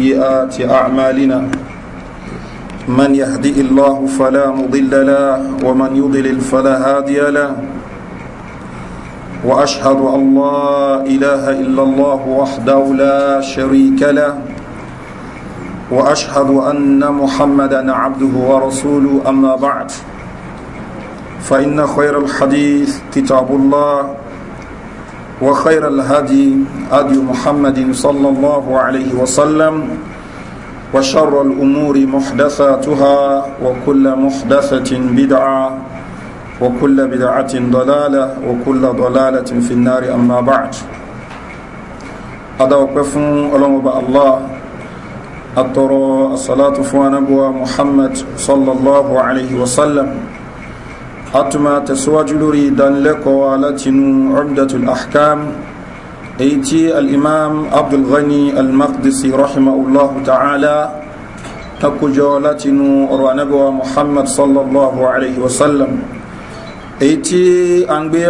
سيئات أعمالنا من يهدئ الله فلا مضل له ومن يضلل فلا هادي له وأشهد أن لا إله إلا الله وحده لا شريك له وأشهد أن محمدا عبده ورسوله أما بعد فإن خير الحديث كتاب الله وخير الهدي هدي محمد صلى الله عليه وسلم وشر الأمور محدثاتها وكل محدثة بدعة وكل بدعة ضلالة وكل ضلالة في النار أما بعد هذا أدوقف ألم الله أترى الصلاة فوانبوى محمد صلى الله عليه وسلم atuma tẹ̀síwájú lórí ìdánilẹ́kọ̀ọ́ alátinú umdatul ahkam èyí tí al'imam abdulghani al-maqdisi rahimahullahu ta'ala takujọ látinú ọ̀rọ̀ anábíwa muhammad sallallahu alaihi wasallam èyí tí a ń gbé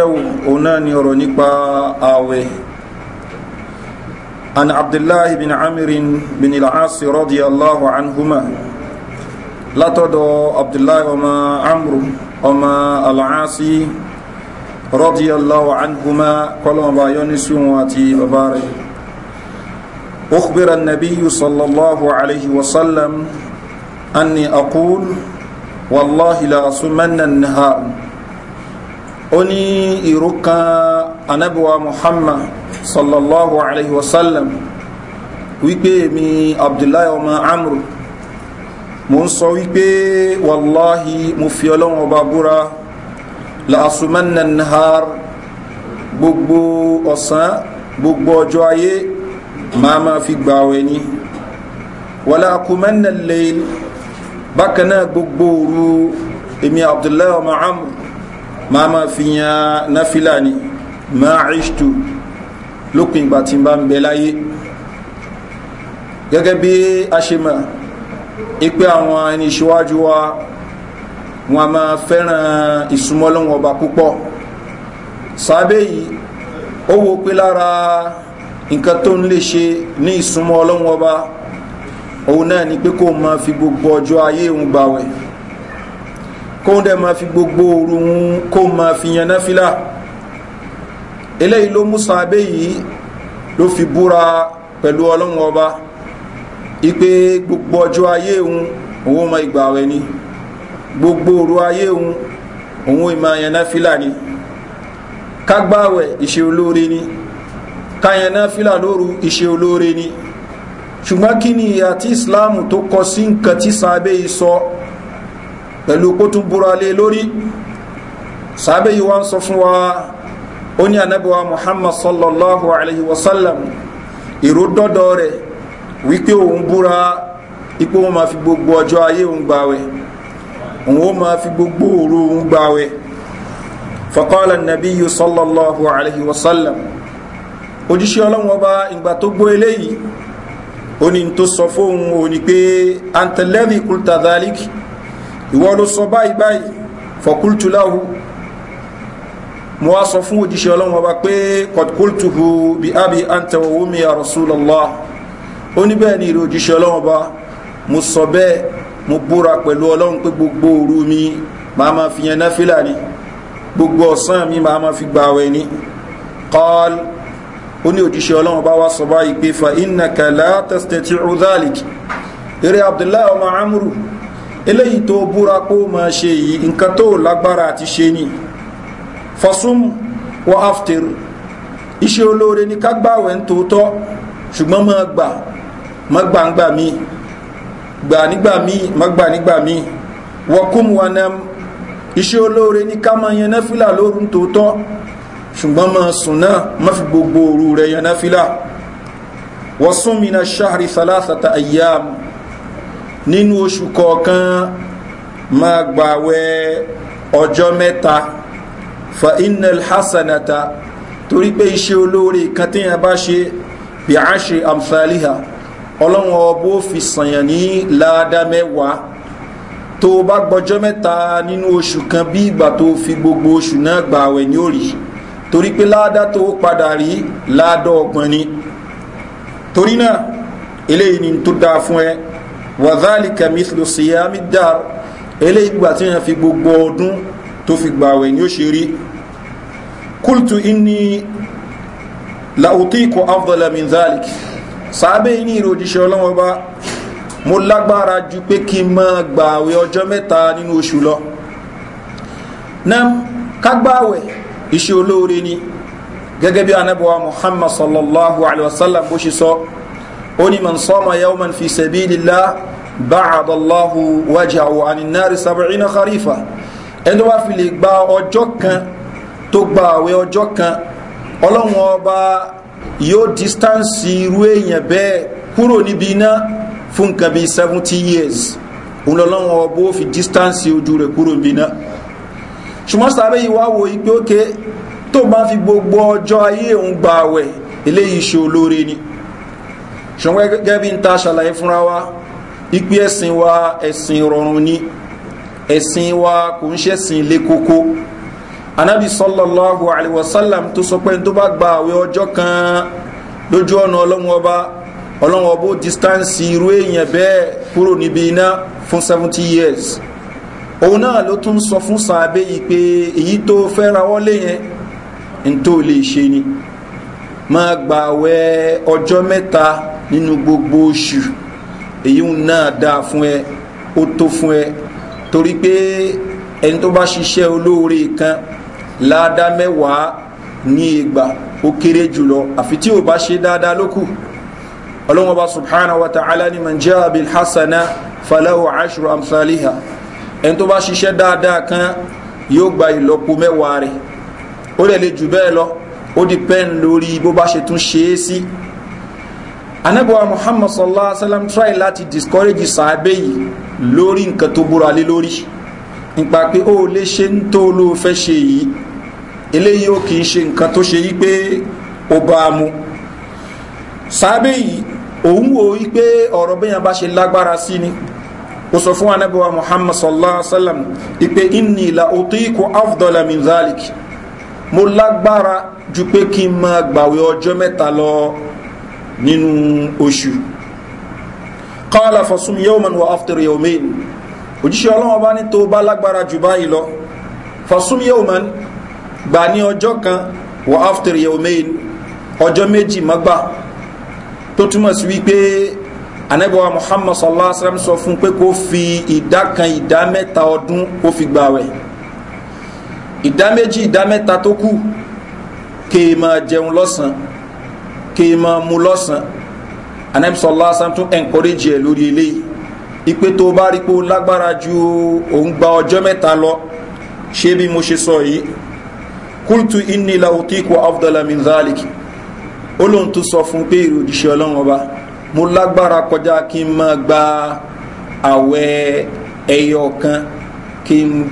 ọ̀nà ni ọ̀rọ̀ nípa àwẹ̀ an abdullahi ọmọ alaasi radiyallahu anhuma kọlọmọba yọnisu wọn àti bàbá rẹ̀ أخبر النبي صلى الله عليه وسلم أني أقول والله لا أصمن النهار أني إركا أنبوى محمد صلى الله عليه وسلم ويكي من عبد الله وما عمرو mo ń sọ wípé wàláhi mo fi ọlọ́run ọba búra làásùmánà nahar gbogbo ọ̀sán gbogbo ọjọ́ ayé máa máa fi gbà àwẹ̀ ni wàlá àkùmánà lẹ́yìn bákan náà gbogbo òru èmi abdullahi ọmọ amr máa máa fi yan náfìlà ni máa lópin ìgbà tí n bá ń bẹ láyé gẹ́gẹ́ bí a ṣe máa ipe àwọn ẹni ìṣíwájú wa wọn a máa fẹ́ràn ìsúnmọ́lọ́wọ́ ọba púpọ̀ sábẹ́ yìí ó wo pé lára nǹkan tó ń lè ṣe ní ìsúnmọ́ ọlọ́wọ́ ọba òun náà ni pé kó máa fi gbogbo ọjọ́ ayé òun gbàwẹ̀ kó ń dẹ̀ máa fi gbogbo òru òun kó máa fi yan náfìlà eléyìí ló mú sábẹ́ yìí ló fi búra pẹ̀lú ọlọ́wọ́ ọba ipe gbogbo ọjọ́ ayé òun òun ma ìgbà rẹ̀ ni gbogbo òru ayé òun òun ìmọ̀ àyànná fílà ni kágbáwẹ̀ ìṣe olóore ni káyànná fílà lóru ìṣe olóore ni ṣùgbọ́n kí ni ìyà tí ìsìláàmù tó kọ sí nǹkan tí sàábé yìí sọ pẹ̀lú kó tún búra lé lórí sàábé yìí wá ń sọ fún wa ó ní anábíwá muhammad sallallahu alaihi wasallam ìró dọ́dọ̀ rẹ̀ wípé òun búra ipò wọn máa fi gbogbo ọjọ́ ayé òun gbàwẹ̀ òun ó máa fi gbogbo òru òun gbàwẹ̀ faqala an-nabiyyu sallallahu alayhi wa sallam ojúṣe ọlọ́wọ́n ọba ìgbà tó gbọ́ eléyìí ó ní tó sọ fóun ò ní pé anta alladhi qulta dhalik ló sọ báyìí báyìí fa mo wá sọ fún òjíṣẹ́ ọlọ́run ọba pé qad qultuhu abi anta wa ummi rasulallah ó ní bẹ́ẹ̀ ni ìrò òjíṣẹ́ ọlọ́run bá mo sọ bẹ́ẹ̀ mo búra pẹ̀lú ọlọ́run pé gbogbo òru mi máa ma fi yẹn náfìlà ni gbogbo ọ̀sán mi máa ma fi gba àwẹ̀ ni qal ó òjíṣẹ́ ọlọ́run bá wá sọ báyìí pé fa innaka la tastati'u dhalik eré abdullahi ọmọ amúrù eléyìí tó búra pé ó máa ṣe yìí nǹkan tó lágbára àti ṣe ni fasum wa aftir iṣẹ́ olóore ni ká ń tòótọ́ ṣùgbọ́n máa gbà má gbà nígbà míì gbà nígbà míì má gbà nígbà míì wọ́kùn wọn náà iṣẹ́ olóore ní ká máa yan náfìlà lóru tòótọ́ ṣùgbọ́n máa sùn náà má fi gbogbo òru rẹ̀ yan náfìlà wọ́n sún mi náà ṣáàrì sálásàtà àyà nínú oṣù kọ̀ọ̀kan máa gbàwẹ̀ ọjọ́ mẹ́ta fa inal hasanata torí pé iṣẹ́ olóore kan téèyàn bí a ṣe amsaliha ọlọ́run ọbó fi sànyàn ní láàdá mẹ́wàá tó o bá gbọjọ́ mẹ́ta nínú oṣù kan bí ìgbà tó o fi gbogbo oṣù náà gbà àwẹ̀ ní òrì torí pé láàdá tó o padà rí láàdá ọgbọ̀n ni torí náà eléyìí ni tó dáa fún ẹ wàhálì kàmíṣlò síyámi dáa eléyìí gbà tí wọn fi gbogbo ọdún tó fi gbà àwẹ̀ ní òṣè rí kúltù inni làwùtí kò afdọ́lá min zálìkì sàábé yìí ní ìrò òjíṣẹ́ ọlọ́wọ́ bá mo lágbára ju pé kí n máa gba àwẹ̀ ọjọ́ mẹ́ta nínú oṣù lọ náà kágbáwẹ̀ iṣẹ́ olóore ni gẹ́gẹ́ bí anábọ̀wá muhammad sallallahu alayhi wa sallam bó ṣe sọ ó ní mọ̀ sọ́mọ yawman fi sabilillah báàdà allahu wájà wà ní náà rí kharifa ẹni tó fi lè gba ọjọ́ kan tó gba ọjọ́ kan ọlọ́run ọba yóò distance irú èèyàn bẹ́ẹ̀ kúrò níbi iná fún nǹkan bíi seventy years òun lọ́lọ́wọ́ fi distance ojú rẹ̀ kúrò níbi iná ṣùgbọ́n sábẹ́ yìí wá wo ipe ókè tó bá fi gbogbo ọjọ́ ayé òun gba àwẹ̀ eléyìí ṣe olóore ni ṣùgbọ́n gẹ́gẹ́ bí n ta ṣàlàyé fúnra wa ipe ẹ̀sìn wa ẹ̀sìn rọrùn ni ẹ̀sìn wa kò ń ṣẹ̀sìn lé kókó anabi sallallahu alayhi wa sallam tó sọ pé tó bá gba àwẹ̀ ọjọ́ kan lójú ọ̀nà ọlọ́run ọba ọlọ́run ọba ó distance irú èèyàn bẹ́ẹ̀ kúrò níbi iná fún seventy years òun náà ló tún sọ fún sàábé yìí pé èyí tó fẹ́ rawọ́ lé yẹn n tó lè ṣe ni máa gba àwẹ̀ ọjọ́ mẹ́ta nínú gbogbo oṣù èyí náà dáa fún ẹ ó tó fún ẹ torí pé ẹni tó bá ṣiṣẹ́ olóore kan láàdá mẹ́wàá ní ìgbà ó kéré jùlọ àfi tí ò bá ṣe dáadáa lókù ọlọ́wọ́n bá subhana wa ta'ala ni man jẹ́ abil hasana falahu ashru amsaliha ẹni tó bá ṣiṣẹ́ dáadáa kan yóò gba ìlọ́po mẹ́wàá rẹ̀ ó lè le jù bẹ́ẹ̀ lọ ó di pẹ́ǹ lórí bó bá ṣe tún ṣe é sí anábọ̀wá muhammad sallallahu alaihi wa sallam try láti discourage sàábẹ́ yìí lórí nǹkan tó búra lé lórí nípa pé ó lè ṣe ń tó olóòfẹ́ ṣe yìí eléyìí ó kì í ṣe nǹkan tó ṣe yí pé ó bá a mu sábẹ́ yìí òun wò ó pé ọ̀rọ̀ bẹ́yàn bá ṣe lágbára sí ni ó sọ fún anábẹ́wà muhammad sallallahu alaihi wa sallam ipe inni la utiku afdola min zalik mo lágbára ju pé kí n máa gbàwé ọjọ́ mẹ́ta lọ nínú oṣù qala fasum yawman wa aftir yawmayn òjíṣẹ́ ọlọ́wọ́ bá ní tó bá lágbára jù báyìí lọ fasum yawman gbà ní ọjọ́ kan wà after yawmain ọjọ́ méjì má gbà tó túmọ̀ sí wípé anabiwa muhammad sallallahu alaihi wasallam sọ fún pé kó fi ìdá kan ìdá mẹ́ta ọdún kó fi gbàwẹ̀ ìdá méjì ìdá mẹ́ta tó kù kéè máa jẹun lọ́sàn kéè máa mu lọ́sàn anabi sallallahu alaihi wasallam tún encourage ẹ lórí eléyìí ipe tó bá rí pé ó lágbára ju òun gba ọjọ́ mẹ́ta lọ ṣé bí mo ṣe sọ yìí kultu inni la utiku afdala min zaliki olóhùn tó sọ fún pé ìròjíṣẹ́ ọlọ́run ọba mo lágbára kọjá kí n máa gba àwẹ̀ ẹyọ kan kí n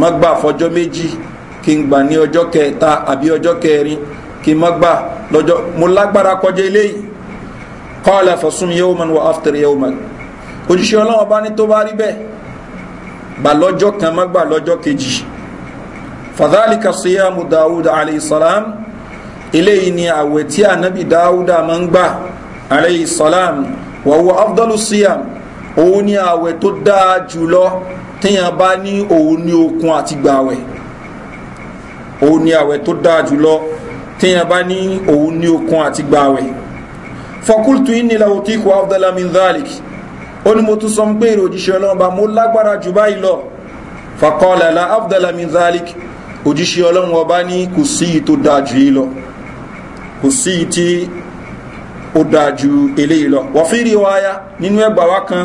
má gbà fọjọ́ méjì kí n gbà ní ọjọ́ kẹta àbí ọjọ́ kẹrin kí n má gbà lọ́jọ́ mo lágbára kọjá eléyìí kọ́ọ̀lá fọ̀sùn yẹ́wò mọ́ni wà áfítẹ̀rẹ̀ yẹ́wò mọ́ni òjíṣẹ́ ọlọ́run ọba ní tó bá rí bẹ́ẹ̀ gbà lọ́jọ́ kan má gbà lọ́jọ́ kejì fàdálìkà síyàmù dáúdà aleyhisselam eléyìí ni àwẹ̀ tí ànábì dáúdà máa ń gbà aleyhisselam wàwọ̀ abdullu síyàm òun ni àwẹ̀ tó dáa jùlọ téèyàn bá ní òun ní okun àti gbàwẹ̀ òun ni àwẹ̀ tó dáa jùlọ téèyàn bá ní òun ní okun àti gbàwẹ̀ fọkúltù ìnìlà òtíkù abdullamin dhalik ó ní mo tún sọ pé èrò òjíṣẹ́ ọlọ́run bá mo lágbára jù báyìí lọ fàkọọ̀lẹ̀ la abdullamin dhalik òjíṣẹ́ ọlọ́run ọba ní kò sí i tó dáa jù yìí lọ kò sí i tí ó dáa ju eléyìí lọ wọ́n fi rí wáyá nínú ẹgbàá wá kan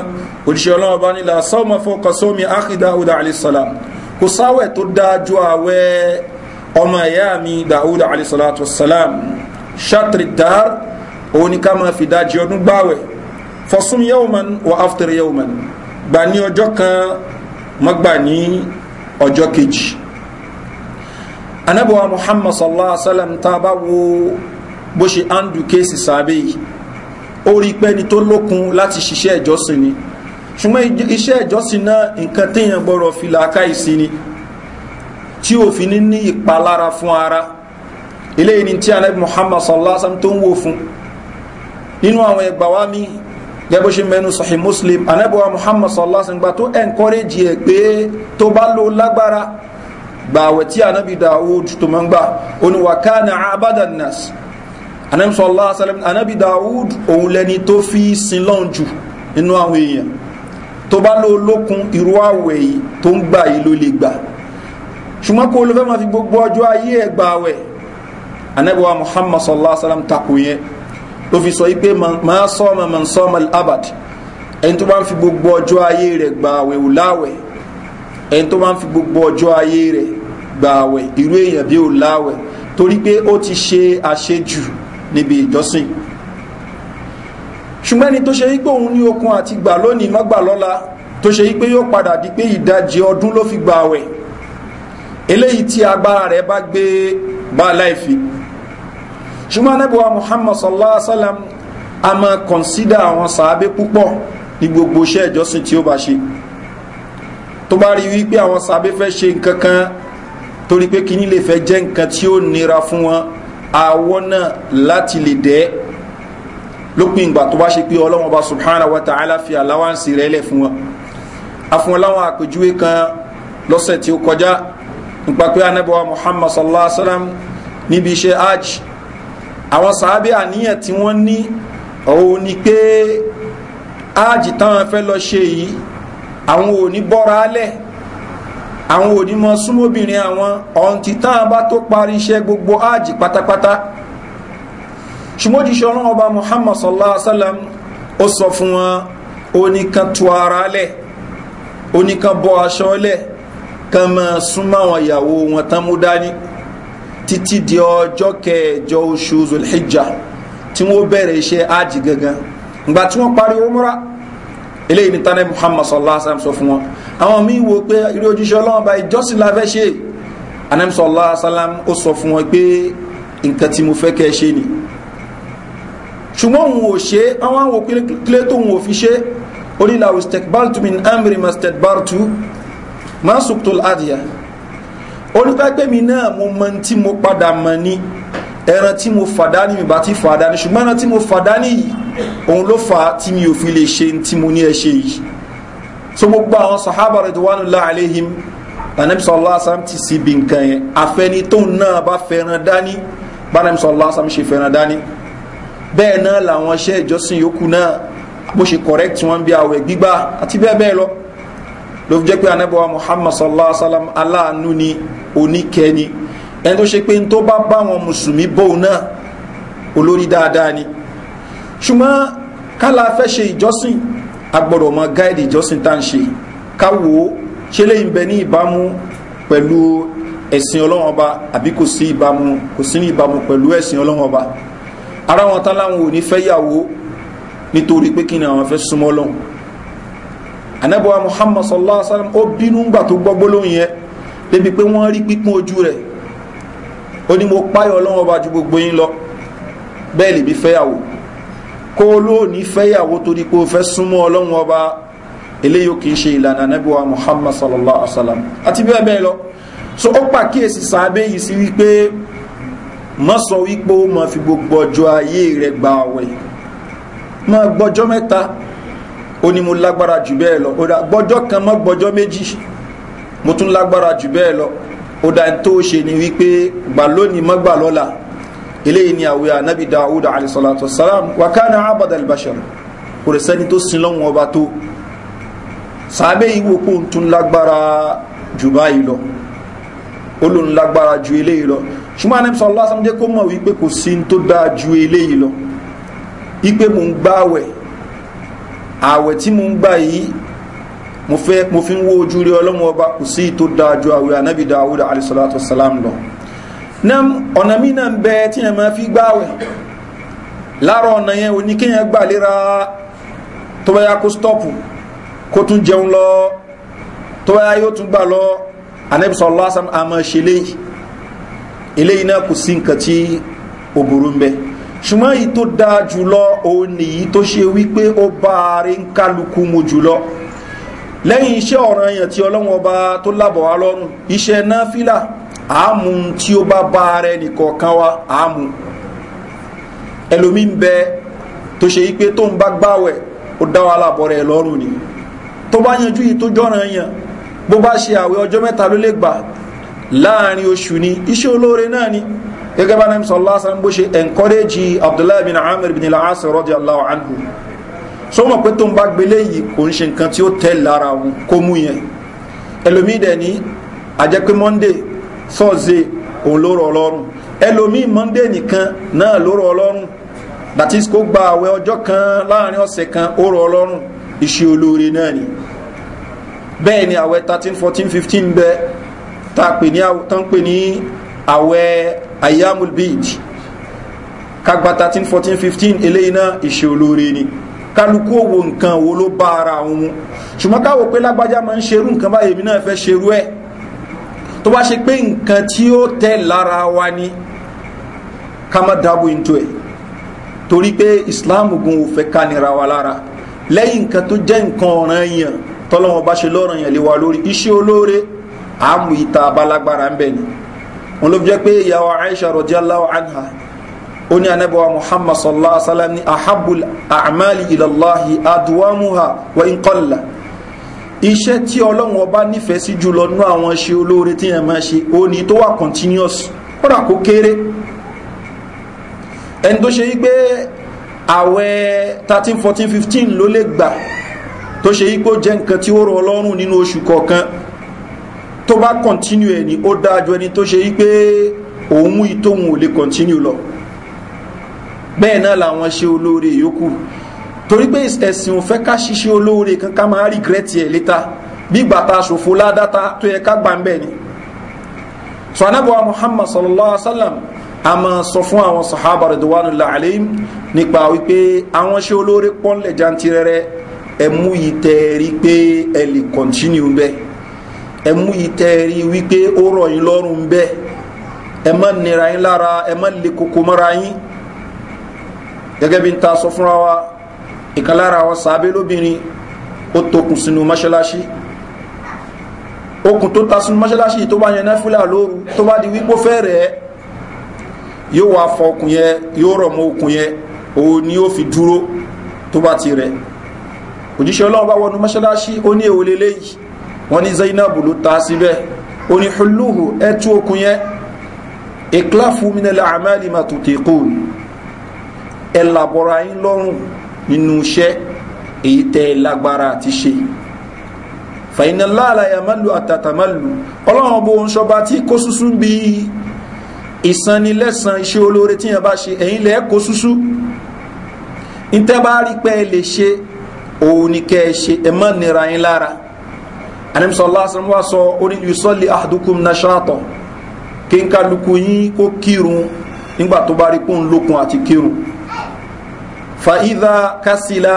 òjíṣẹ́ ọlọ́run ọba ní làásọ́ ọmọ fọkàn sómi ákìdá kò sáwẹ̀ tó dáa àwẹ̀ ọmọ ẹ̀yà mi dàúdà àlẹ́sàlátù sàlám ṣàtìrì dáhàr òun ni ká fi dájì ọdún gbáwẹ̀ fọsún yẹ́wùmán wà áfítẹ̀rẹ̀ yẹ́wùmán gbà ní ọjọ́ kan mọ́gbà ní ọjọ́ kejì anabiwa muhammad sallallahu alaihi wa sallam tá a bá wo bó ṣe andu kéèsì sábẹ́ yìí ó rí pé ni tó lókun láti ṣiṣẹ́ ìjọsìn ni ṣùgbọ́n iṣẹ́ ìjọsìn náà nǹkan téèyàn gbọ́dọ̀ fi làákàyè sí ni tí òfin ní ní ìpalára fún ara eléyìí ni tí anabi muhammad sallallahu alaihi wa sallam tó ń wò fún nínú àwọn ẹgbàá wa mi gẹ́gbó ṣe mẹ́nu sọ̀hì muslim anabiwa muhammad sallallahu alaihi wa gba tó encourage ẹ̀ pé tó bá lo lágbára gbàwẹ̀ tí anabi dawud tó máa ń gbà oníwàkánà abadannas anabi sallallahu alaihi wasallam anabi dawud òun lẹni tó fi sin lọ́n jù nínú àwọn èèyàn tó bá ló lókun irú àwẹ̀ yìí tó ń gbà yìí ló lè gbà ṣùgbọ́n kó ló fẹ́ máa fi gbogbo ọjọ́ ayé ẹ̀ gbàwẹ̀ anabi wa muhammad sallallahu alaihi wasallam takò yẹn ló fi sọ yìí pé máa sọ́ọ̀mà máa sọ́ọ̀mà abad ẹni tó bá ń fi gbogbo ọjọ́ ayé rẹ̀ gbàwẹ̀ òláwẹ̀ ẹni tó bá ń fi gbogbo ọjọ́ ayé rẹ̀ gba àwẹ̀ irú èèyàn bí ò láwẹ̀ torí pé ó ti ṣe àṣejù níbi ìjọsìn ṣùgbọ́n ẹni tó ṣe wípé òun ní okun àti gbà lónìí má gbà lọ́la tó ṣe wípé yóò padà di pé ìdajì ọdún ló fi gba eléyìí tí agbára rẹ̀ bá gbé bá láìfi ṣùgbọ́n anábíwá muhammad sallallahu alaihi wa sallam a máa kọ̀nsídà àwọn sàábé púpọ̀ ní gbogbo iṣẹ́ ìjọsìn tí ó bá ṣe tó bá rí wípé àwọn sàábé fẹ́ ṣe nǹkan kan torí pé kíní lè fẹ́ jẹ́ nǹkan tí ó nira fún wọn àwọn náà láti lè dẹ́ lópin ìgbà tó bá ṣe pé ọlọ́wọ́n bá subhanahu wa ta'ala fi aláwáǹsì rẹ̀ lẹ̀ fún wọn afun láwọn àpèjúwe kan lọ́sẹ̀ tí ó kọjá nípa pé anábẹ́wà muhammad sallallahu alaihi wa sallam níbi iṣẹ́ hajj àwọn sàábẹ́ àníyàn tí wọ́n ní òun ni pé hajj táwọn fẹ́ lọ ṣe yìí àwọn ò ní bọ́ra lẹ̀ àwọn onímọ̀ súnmọ́bìnrin àwọn ọ̀hún ti tán abá tó parí iṣẹ́ gbogbo áàjì pátápátá ṣùgbọ́n jíṣẹ́ ọlọ́run ọba muhammad sallallahu alaihi wasallam ó sọ fún wọn oníkan tu ara lẹ̀ oníkan bọ́ aṣọ lẹ̀ kan máa súnmọ́ àwọn ìyàwó wọn tán mú dání títí di ọjọ́ kẹjọ oṣù zulhijja tí wọ́n bẹ̀rẹ̀ iṣẹ́ áàjì gangan ìgbà tí wọ́n parí umra eléyìí ni tánẹ́ muhammad sallallahu alaihi wasallam sọ fún wọn àwọn míì wo pé irú ojúṣe ọlọ́run bá ìjọsìn la fẹ́ ṣe anamsọ allah salam ó sọ fún wọn pé nǹkan tí mo fẹ́ kẹ́ ṣe ni ṣùgbọ́n òun ò ṣe àwọn àwọn kílé tó òun ò fi ṣe orílẹ̀ ustekbaltu min amri mastekbaltu masuktul adìyà onípẹ́pẹ́ mi náà mo mọ tí mo padà mọ̀ ní ẹran tí mo fàdání mi bá ti fàdání ṣùgbọ́n ẹran tí mo fàdání yìí òun ló fà á tí mi ò fi lè ṣe tí mo ní ẹ ṣe yìí so gbogbo àwọn sahaba ridwanullahi alaihim anabi sallallahu alaihi wasallam ti si bi nkan yẹn afẹni tó náà bá fẹ́ràn dání banabi sallallahu alaihi wasallam ṣe fẹ́ràn dání bẹ́ẹ̀ náà làwọn iṣẹ́ ìjọsìn yòókù náà bó ṣe correct wọn bí àwẹ̀ gbígbà àti bẹ́ẹ̀ bẹ́ẹ̀ lọ ló fi jẹ́ pé anabi wa muhammad sallallahu alaihi wasallam aláàánú ni oníkẹni ẹni tó ṣe pé tó bá bá wọn mùsùlùmí bóun náà olórí dáadáa ni ṣùgbọ́n kálá fẹ́ ṣe ìjọsìn agbọ́dọ̀ mọ gáìdì ìjọsìn tá à ń ṣe káwo ṣe lè ń bẹ ní ìbámu pẹ̀lú ẹ̀sìn ọlọ́wọ́n ọba àbí kò sí ìbámu kò sí ní ìbámu pẹ̀lú ẹ̀sìn ọlọ́wọ́n ọba ara wọn tán láwọn ò ní fẹ́ yàwó nítorí pé kí ni àwọn fẹ́ súnmọ́ anabuwa muhammad sallallahu alaihi wasallam ó bínú ngbà tó gbọ́ gbólóhùn yẹn débi pé wọ́n rí pípín ojú rẹ̀ ó ní mo páyọ̀ ọlọ́wọ́n ọba ju gbogbo yín lọ bẹ́ẹ̀ lè bí fẹ́yàwó kó lóòní fẹ́yàwó torí pé o fẹ́ súnmọ́ ọlọ́run ọba eléyìí kì í ṣe ìlànà anábíwá muhammad sallallahu alaihi wa sallam àti bẹ́ẹ̀ bẹ́ẹ̀ lọ so ó pàkíyèsí sàábé yìí sí wípé má sọ wípé ó máa fi gbogbo ọjọ́ ayé rẹ̀ gba àwẹ̀ má gbọ́jọ́ mẹ́ta ó ní mo lágbára jù bẹ́ẹ̀ lọ gbọ́jọ́ kan má gbọ́jọ́ méjì mo tún lágbára jù bẹ́ẹ̀ lọ ó dá tó ṣe ni wípé gbà lónìí má gbà lọ́la eléyìí ni àwẹ̀ anabi dawud alayhisalatu wasalam wa kana abadal bashar kò rẹ̀ sẹ́ni tó sin lọ́wọ́ ọba tó sàbẹ̀ ìwò pò ń tún lágbára jù báyìí lọ olóhùn lágbára ju eléyìí lọ ṣùgbọ́n anabi sọ̀rọ̀ lásán jẹ́ kó mọ̀ wípé kò sí tó dáa ju eléyìí lọ ipe mò ń gbáwẹ̀ àwẹ̀ tí mò ń gbà yìí mo fi ń wo ojú rí ọlọ́mọ ọba kò sí tó dáa ju àwẹ̀ anabi dawud alayhisalatu wasalam lọ náà ọ̀nà míì náà ń bẹ tí yẹn máa fi gbáwẹ̀ lára ọ̀nà yẹn ò ní kí yẹn gbà lera tó bá yá kó stọ́pù kó tún jẹun lọ tó bá yá yóò tún gbà lọ anẹ́bùsọ̀ lásán àmọ́ ṣe léyìí eléyìí kò sí nǹkan tí ó ń bẹ ṣùgbọ́n èyí tó dáa jùlọ òun nìyí tó ṣe wípé ó bá arí ń kálukú mu jùlọ lẹ́yìn iṣẹ́ ọ̀ranyàn tí ọlọ́wọ́n ọba tó lábọ̀ wá lọ́rùn iṣẹ́ náà fílà àmú tí ó bá bá ara ẹnì wa àmú ẹlòmí ń bẹ tó ṣe wípé tó ń bá gbáwẹ̀ ó dá wa láàbọ̀ rẹ̀ lọ́rùn ni tó bá yanjú yìí tó jọ́ràn yàn bó bá ṣe àwẹ̀ ọjọ́ mẹ́ta ló lè gbà láàrin oṣù ni iṣẹ́ olóore náà ni gẹ́gẹ́ bá náà sọ̀lá sàn bó ṣe encourage abdullahi bin amir bin al-as radiyallahu anhu so mọ̀ pé tó ń bá gbélé yìí kò ń ṣe nǹkan tí ó tẹ̀ lára wọn kó mú yẹn ẹlòmíì dẹ̀ ní monday sọ́ọ̀sẹ̀ òun ló rọ ọlọ́run ẹlòmíì monday nìkan náà ló rọ ọlọ́run that is kó gba àwẹ̀ ọjọ́ kan láàrin ọ̀sẹ̀ kan ó rọ ọlọ́run iṣẹ́ olóore náà ni bẹ́ẹ̀ ni àwẹ̀ 13 14 15 bẹ tá pè ní tán pè ní àwẹ̀ ayamul beach kagbà 13 14 15 eléyìí náà iṣẹ́ olóore ni kálukú òwò nǹkan wo ló bá ara òun ṣùgbọ́n káwò pé lágbájá máa ń ṣerú nǹkan báyìí èmi náà fẹ́ ṣerú ẹ̀ tó bá ṣe pé nǹkan tí ó tẹ́ lára wa ni ká má dábò into ẹ̀ torí pé islam gun òfẹ́ ká nira wa lára lẹ́yìn nǹkan tó jẹ́ nǹkan ọ̀ràn yẹn tọ́lọ́wọ́n bá ṣe lọ́rọ̀ yẹn lé wa lórí iṣẹ́ olóore àmú ìta abalagbára ń bẹ̀ ni wọn ló jẹ́ pé ìyàwó aisha radiyallahu anha ó ní anábọ̀wá muhammad sallallahu alaihi wasallam ní ahabul a'mali ilallahi aduwamuha wa in iṣẹ́ tí ọlọ́run ọba nífẹ̀ẹ́ sí jùlọ nú àwọn ṣe olóore tí yẹn ṣe ó ní tó wà continuous kódà kó kéré ẹni tó ṣe yí pé àwẹ̀ 13 14 15 ló lè gbà tó ṣe yí pé ó jẹ́ nǹkan tí ó rọ ọlọ́run nínú oṣù kọ̀ọ̀kan tó bá continue ẹ̀ ní ó dájú ẹni tó ṣe yí pé òun mú ìtóhun ò lè continue lọ bẹ́ẹ̀ náà làwọn ṣe olóore yòókù torí pé ẹ̀sìn ò fẹ́ ká ṣiṣẹ́ olóore kan ká máa regret ẹ̀ léta bí gbàtà ṣòfò ládàtà tó yẹ ká gbà ń bẹ̀ ni so anábọ̀wá muhammad sallallahu alaihi wasallam sallam a máa sọ fún àwọn sahaba radwanullahi alayhim nípa wípé àwọn ṣe olóore pọ́nlẹ̀ jantirẹrẹ ẹmú yìí tẹ́ẹ̀rí pé ẹ lè continue bẹ́ẹ̀ ẹmú yìí tẹ́ẹ̀rí wípé ó rọ̀ yín lọ́rùn bẹ́ẹ̀ ẹ má nira yín lára ẹ má le koko mọ́ra yín gẹ́gẹ́ bí n ta sọ fúnra wa ìkan lára àwọn sàábé lóbìnrin ó tokùn sínú mọ́ṣáláṣí okùn tó ta sínú mọ́ṣáláṣí tó bá yẹn náfílà lóru tó bá di wípó fẹ́rẹ̀ yóò wá fọ okùn yẹn yóò rọ̀ mọ́ okùn yẹn òun ni ó fi dúró tó bá ti rẹ̀ òjíṣẹ́ ọlọ́run bá wọnú mọ́ṣáláṣí ó ní èwo leléyìí wọ́n ní zainabu ló ta síbẹ̀ ó ní hulúhù ẹ tú okùn yẹn ìkláfù minal àmàlì mà tòtè kóòlù ẹ̀ làbọ̀rọ̀ ayín lọ́rùn nínú iṣẹ́ èyí tẹ́ ẹ lágbára àti ṣe fàyínà láàlà yàmálù àtàtàmálù ọlọ́run bó ń ṣọba tí kó súsú bí ìsanilẹ́sàn iṣẹ́ olóore tí yẹn bá ṣe ẹ̀yìn lẹ́ kó súsú ìtẹ́bá rí pé ẹ lè ṣe òun ni kẹ́ ẹ ṣe ẹ má nira yín lára anamisa ọlọ́sàn wa sọ orí yusọ́lì àdúkùm nasharatọ̀ kí n kálukú yín kó kírun nígbà tó bá rí pé òun lókun àti kírun fàídà kásìlá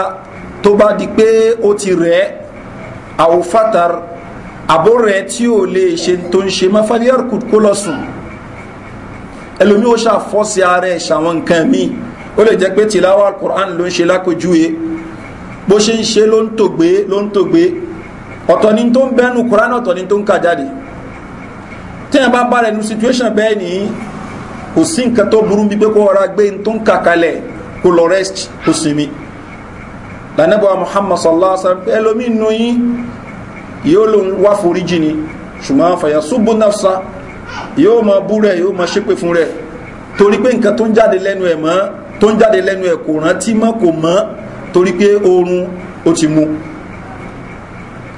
tó bá di pé ó ti rẹ̀ àwòfàtàr àbó rẹ̀ tí ò lè ṣe tó ń ṣe mọ́fàlíyàrkù kó lọ sùn ẹlòmí ó ṣàfọ́sí ara ẹ̀ ṣàwọn nǹkan míì ó lè jẹ́ pé tìláwà alukur'an ló ń ṣe lákòjúwe bó ṣe ń ṣe ló ń tògbé ló ń tògbé ọ̀tọ̀ ni tó ń bẹ́nu kur'an ọ̀tọ̀ ni tó ń kà jáde tẹ́yìn bá bá rẹ̀ nu situation bẹ́ẹ̀ ni kò sí nǹkan tó burú bí pé kó rọra gbé tó ń kà kalẹ̀ kó lọ rest kó sinmi lànàbọ̀ muhammad sallallahu alaihi wasallam ẹlòmí nù yín yóò ló ń wá foríjì ni ṣùgbọ́n fàyà súbú náfsà yóò mọ bú rẹ̀ yóò mọ ṣépè fún rẹ̀ torí pé nǹkan tó ń jáde lẹ́nu ẹ̀ mọ́ tó ń jáde lẹ́nu ẹ̀ kò rántí mọ́ kò mọ́ torí pé oorun ó ti mu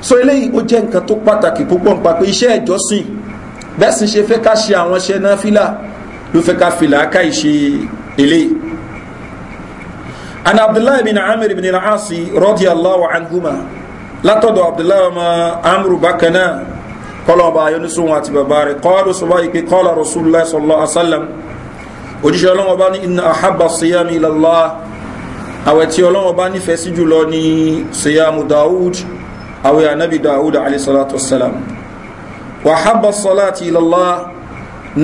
so eléyìí ó jẹ́ nǹkan tó pàtàkì púpọ̀ nípa pé iṣẹ́ ìjọsìn bẹ́ẹ̀ sì ṣe fẹ́ ká ṣe àwọn iṣẹ́ náà fìlà ló fẹ́ ká fìlà ká ìṣe eléyìí عن عبد الله بن عامر بن العاص رضي الله عنهما لا تدع عبد الله ما عمرو بكنا قال ابا يونس واتباري قالوا سبحانك قال رسول الله صلى الله عليه وسلم òjíṣẹ́ ọlọ́wọ́ bá ní iná àhábà síyámi ìlàlá àwẹ̀ tí ọlọ́wọ́ bá nífẹ̀ẹ́ sí jùlọ ní síyámu daoud àwẹ̀ anábì daoud alaihissalatu wassalam wà hábà sọláti ìlàlá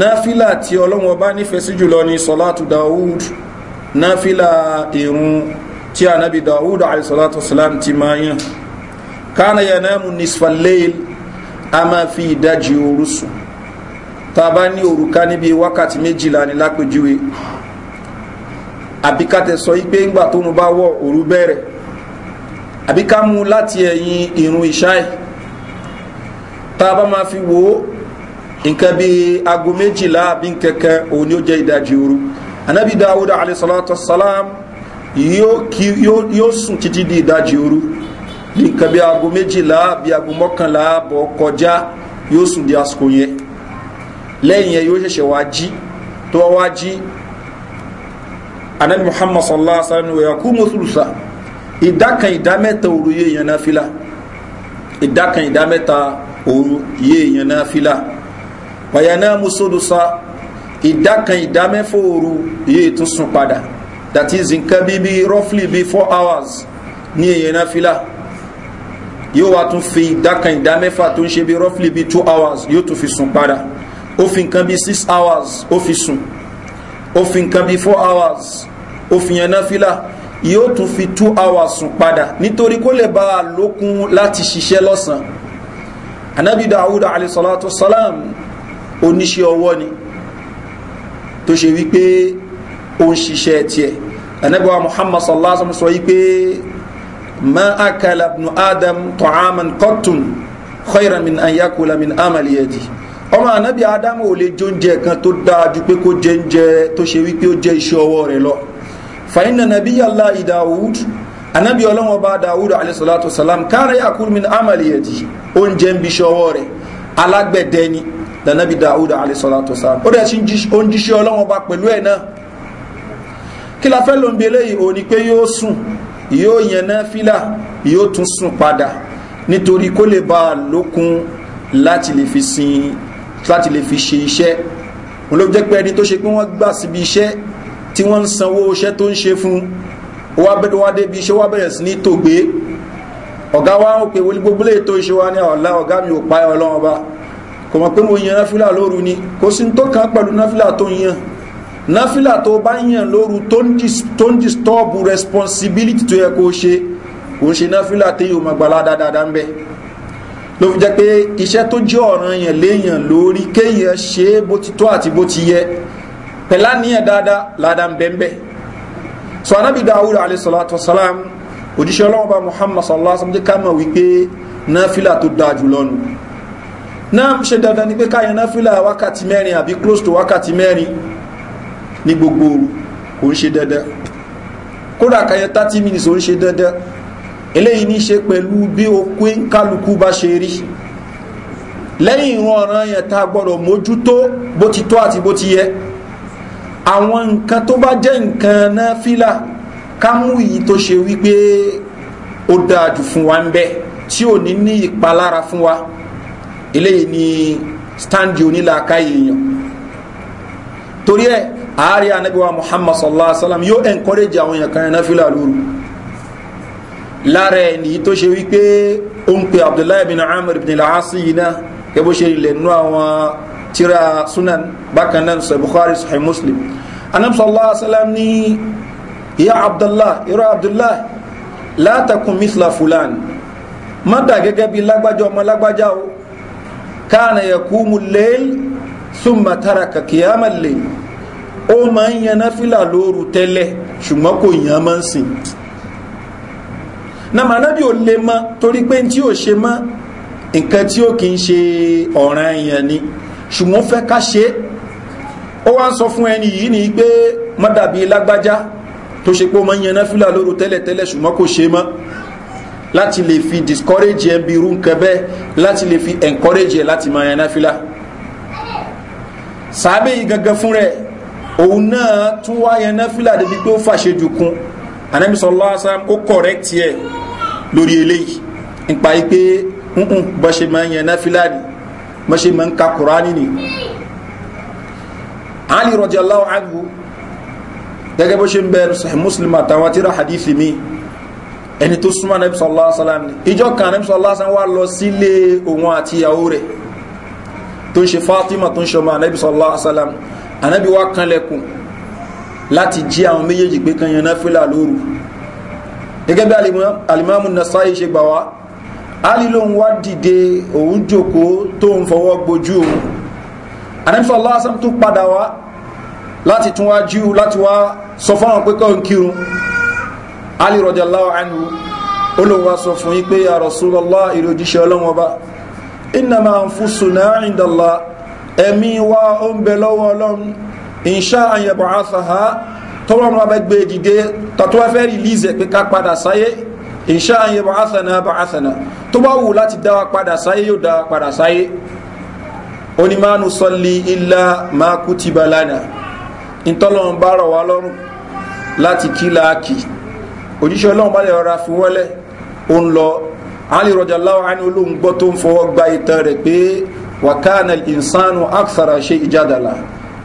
náfílà tí ọlọ́wọ́ bá nífẹ̀ẹ́ sí jùlọ ní sọlátù daoud náfìlà irun tí anabi dawud alayhisalatu wasalam ti máa yàn kánà yanamu nisfaleil a máa fi ìdajì òru sùn tá a bá ní òrùka níbi wákàtí méjìlá ni lápèjúwe àbí ká tẹ sọ yí pé ńgbà tóun bá wọ òru bẹ̀rẹ̀ àbí ká láti ẹ̀yìn irun ìṣáì tá a fi wò nǹkan bíi aago méjìlá àbí nkẹkẹ òun ni ó jẹ́ ìdajì òru anabi dawud alayhisalatu wasalam yóò sùn títí di ìdajì òru ní nǹkan bí aago méjìlá bí aago mọ́kànlá bọ̀ kọjá yóò sùn di àsìkò yẹn lẹ́yìn yẹn yóò ṣẹ̀ṣẹ̀ wá jí tó wá jí anabi muhammad sallallahu alaihi wasallam wẹ̀yà kú mọ́sùlùsà ìdá kan ìdá mẹ́ta òru yé èèyàn náà fila ìdá kan ìdá mẹ́ta òru yé èèyàn náà fila wàyà náà mú sódùsà ìdá kan ìdá mẹ́fọ́ òru yìí tún sùn padà that is in bí bí roughly bí four hours ní èyàn náà fila yóò wá tún fi ìdá kan ìdá mẹ́fà tó ń ṣe bí roughly bí two hours yóò tún fi sùn padà ó fi nǹkan bí six hours ó fi sùn ó fi nǹkan bí four hours ó fi yàn náà fila yóò tún fi two hours sùn padà nítorí kó lè bá a lókun láti ṣiṣẹ́ lọ́sàn-án anabi dawud alayhi salatu salam oníṣẹ́ ọwọ́ ni tó ṣe wípé ó ń ṣiṣẹ́ tiẹ̀ anabiwa muhammad sallallahu alaihi wasallam sọ wípé ma akala ibn adam ta'aman qattun khayran min an yakula min amali yadi ọmọ anabi adamu ò lè jóúnjẹ kan tó dáa ju pé kó jẹ tó ṣe wípé ó jẹ iṣẹ́ ọwọ́ rẹ̀ lọ fàyínà nàbí yàlla ìdáwùd anabi ọlọ́wọ́ bá dáwùd alẹ́sọ̀látọ̀ sàlám káàrẹ́ àkúrú min amali yadi oúnjẹ ń bí iṣẹ́ ọwọ́ rẹ̀ alágbẹ̀dẹ lànàbí dawud alayhisalatu wasalam ó dẹ̀ sí ó ń jíṣẹ́ ọlọ́wọ́n bá pẹ̀lú ẹ̀ náà kí la fẹ́ ló ń bi eléyìí ò ní pé yóò sùn yóò yẹn náà fílà yóò tún sùn padà nítorí kó lè ba lókun láti lè fi ṣe iṣẹ́ wọn ló jẹ́ pé ẹni tó ṣe pé wọ́n gbà síbi iṣẹ́ tí wọ́n ń sanwó iṣẹ́ tó ń ṣe fún wá débi iṣẹ́ wá bẹ̀rẹ̀ sí ní tògbé ọ̀gá wa ń pè wọlé gbogbo lè tó iṣẹ́ wa ní ọ̀la ọ̀gá mi ò pa ẹ̀ ọlọ́run ọba kò mọ̀ pé mo yan náfílà lóru ni kò sí tó kàn pẹ̀lú náfílà tó yan náfílà tó bá yan lóru tó ń disturb responsibility tó yẹ kó ṣe kò ń ṣe náfílà tí yóò máa gbàlá dáadáa ń bẹ ló fi jẹ́ pé iṣẹ́ tó jẹ́ ọ̀ràn yẹn léèyàn lórí kéèyàn ṣe é bó ti tó àti bó ti yẹ pẹ̀lá níyàn dáadáa ládàá ń bẹ́ńbẹ́ so anábì dawud alayhisalatu wasalam òjíṣẹ́ ọlọ́wọ́ba muhammad sallallahu alaihi wasallam jẹ́ ká mọ̀ wípé náfílà tó dáa jù lọ́nu náà ṣe dandan ni pé káyẹ̀ náà fílà wákàtí mẹ́rin àbí close to wákàtí mẹ́rin ní gbogbo òru kò ń ṣe dandan kódà káyẹ̀ 30 minutes ò ń ṣe dandan eléyìí ní ṣe pẹ̀lú bí okú kálukú bá ṣe rí lẹ́yìn ìran ọ̀ràn yẹn tá a gbọ́dọ̀ mójútó bó ti tó àti bó ti yẹ àwọn nǹkan tó bá jẹ́ nǹkan náà fílà ká mú èyí tó ṣe wípé ó dáa jù fún wa ń bẹ́ tí ò ní ní ìpalára fún wa eléyìí ni stanji onílàáká èèyàn torí ẹ ààrẹ anabiwa muhammad sallallahu alaihi wa sallam yóò encourage àwọn èèyàn kan ẹ̀nà fìlà lóru lára ẹ̀ nìyí tó ṣe wípé ó ń pe abdullahi bin amr bin al-asi yìí náà kẹ́bó ṣe ilẹ̀ nú àwọn tíra sunan bákan náà sọ bukhari sahih muslim anam sallallahu alaihi wa sallam ní ya abdullah irọ́ abdullah látàkùn mithla má dà gẹ́gẹ́ bí lágbájá ọmọ lágbájá o kana yakumu al-layl thumma taraka qiyam al-layl ó máa ń yan náfìlà lóru tẹ́lẹ̀ ṣùgbọ́n kò yan máa ń sìn nàmà nábì ò lè mọ torí pé tí ò ṣe mọ́ nǹkan tí ó kì í ṣe ọ̀ràn èèyàn ni ṣùgbọ́n fẹ́ ká ṣe é ni pé má dàbí lágbájá tó ṣe pé ó máa ń yan náfìlà lóru tẹ́lẹ̀ tẹ́lẹ̀ ṣùgbọ́n kò láti lè fi discourage ẹ̀ bí irú nǹkan bẹ́ẹ̀ láti lè fi encourage ẹ̀ láti máa yan náfìlà sàábẹ̀ yìí gangan fún rẹ̀ òun náà tún wá yan náfìlà débi pé ó fàṣejù kún Ànábì sallallahu alaihi wasallam ó correct ẹ̀ lórí eléyìí nípa yìí pé nǹkan bá ṣe máa yan náfìlà ni bá ṣe máa ń ka Kùránì ni Ali radiyallahu anhu gẹ́gẹ́ bó ṣe ń bẹ̀rù Muslim àtàwọn tíra hadithi mi ẹni tó súnmọ́ anabi sallallahu alayhi wa sallam ni ìjọ kan anabi sallallahu alayhi wa sallam wá lọ sílé òun àti ìyàwó rẹ̀ tó ń ṣe fatima tó ń ṣe ọmọ anabi sallallahu alayhi wa sallam anabi wá kanlẹ̀kùn láti jí àwọn méjèèjì gbé kan yẹn náfìlà lóru gẹ́gẹ́ bí alimami nasaayi ṣe gbà wá ali lóun wá dìde òun jókòó tó ń fọwọ́ gbojú òun anabi sallallahu alayhi wa sallam tó padà wá láti tún wá jíu láti wá sọ fáwọn pé kọ́ ali rọ̀dẹ̀láwọ̀ anhu olùwà sọ fún yí pé ya rọ̀súlọ́lá ìròjíṣẹ́ ọlọ́wọ́ bá iná ma ń fún sùnà ìdàlá ẹ̀mí wa ó ń bẹ lọ́wọ́ ọlọ́run ìṣá àyẹ̀bọ̀ àṣàhá tọ́wọ́n wa bẹ gbé e dìde tàtúwà fẹ́ rìlíìsẹ̀ pé ká padà sáyé ìṣá àyẹ̀bọ̀ àṣàna bọ̀ àṣàna tó bá wù láti dá padà sáyé yóò dá padà sáyé onímọ̀nù sọ́lì ilá máa kú ti balánà ìtọ́lọ́run bá rọ̀ wá lọ́rùn láti kí láàkì òjíṣẹ́ ọlọ́run bá lè rọra fi wọ́lẹ̀ ó ń lọ alì rọjà láwọn àní olóhùn gbọ́ tó ń fọwọ́ gba ìtàn rẹ̀ pé wàkánà ìsánú àkàrà ṣe ìjádàlà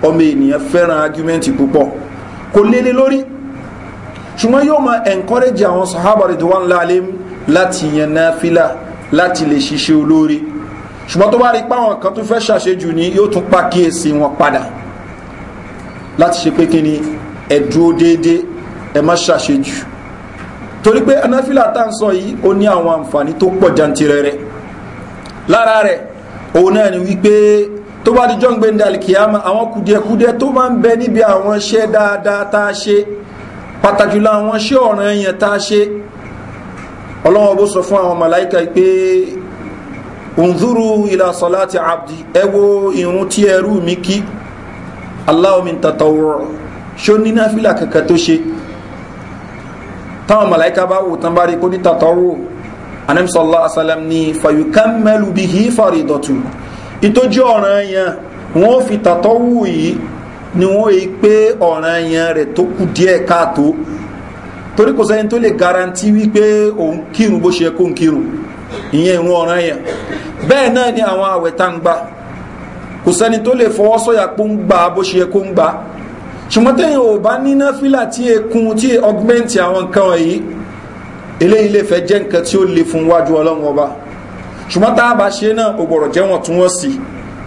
ọmọ ènìyàn fẹ́ràn argument púpọ̀ kò lélẹ̀ lórí ṣùgbọ́n yóò máa encourage àwọn sahaba rẹ̀ tó wà ńlá alẹ́ láti yan náfìlà láti lè ṣiṣẹ́ olóore ṣùgbọ́n tó bá rí páwọn kan tó fẹ́ ṣàṣejù ní yóò tún pa kíyèsí wọn padà láti ṣe pé kí ni ẹ̀dúró déédéé ẹ má ṣàṣejù torí pé anáfílà tá à ń sọ yìí ó ní àwọn àǹfààní tó pọ̀ jantirẹrẹ lára rẹ̀ òun náà ni wípé tó bá di jọ́ǹgbé ń dalì kìáma àwọn kùdìẹ̀kùdìẹ tó máa ń bẹ níbi àwọn iṣẹ́ dáadáa tá a ṣe pàtàkì jùlọ àwọn iṣẹ́ ọ̀ràn èèyàn tá a ṣe ọlọ́wọ́n bó sọ fún àwọn màláìka pé òǹdúrú ilà sọláti abdi ẹ wo irun tí ẹrú mi kí aláwọ̀ mi tàtàwọ̀ ṣó ní náfìlà kankan tó ṣe táwọn màláìka bá wò tán bá rí kó ní tàtọ́wò anamisọ́lá asálàm ní fàyùkámẹ́lù bí hí fàrídọ̀tù ìtójú ọ̀ràn yẹn wọ́n fi tàtọ́wò yìí ni wọ́n yí pé ọ̀ràn yẹn rẹ̀ tó kù díẹ̀ káàtó torí kò sẹ́yìn tó lè garanti wípé òun kírun bó ṣe kó ń kírun ìyẹn ìrún ọ̀ràn yẹn bẹ́ẹ̀ náà ni àwọn àwẹ̀ tá ń gbà kò sẹ́ni tó lè fọwọ́ sọ́yà pó ń gbà bó ṣe kó ń gbà ṣùgbọ́n tẹ́yìn ò bá níná fílà tí ekun tí ọgbẹ́ntì àwọn nǹkan wọ̀nyí eléyìí lè fẹ́ jẹ́ nǹkan tí ó le fún wájú ọlọ́run ọba ṣùgbọ́n tá a bá ṣe náà kò gbọ́dọ̀ jẹ́ tún wọ́n sí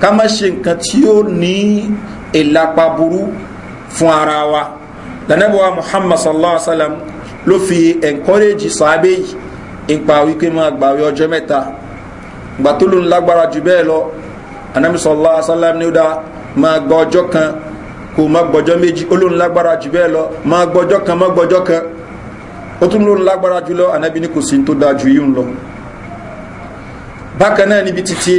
ká má ṣe nǹkan tí ó ní ìlapa burú fún ara wa lànàbọ̀wá muhammad sallallahu alaihi wa sallam ló fi encourage sàábé yìí ipa wípé máa gbàwé ọjọ́ mẹ́ta gbàtólù ńlágbára jù bẹ́ẹ̀ lọ anamisọ̀lá asálàm ní ó dá máa gba ọjọ́ kan kó má gbọ́jọ́ méjì olóhùn lágbára jù bẹ́ẹ̀ lọ má gbọ́jọ́ kan má gbọ́jọ́ kan ó tún lóhùn lágbára jù lọ ànábi ní kò sí tó dáa ju yíyún lọ bákan náà níbi títí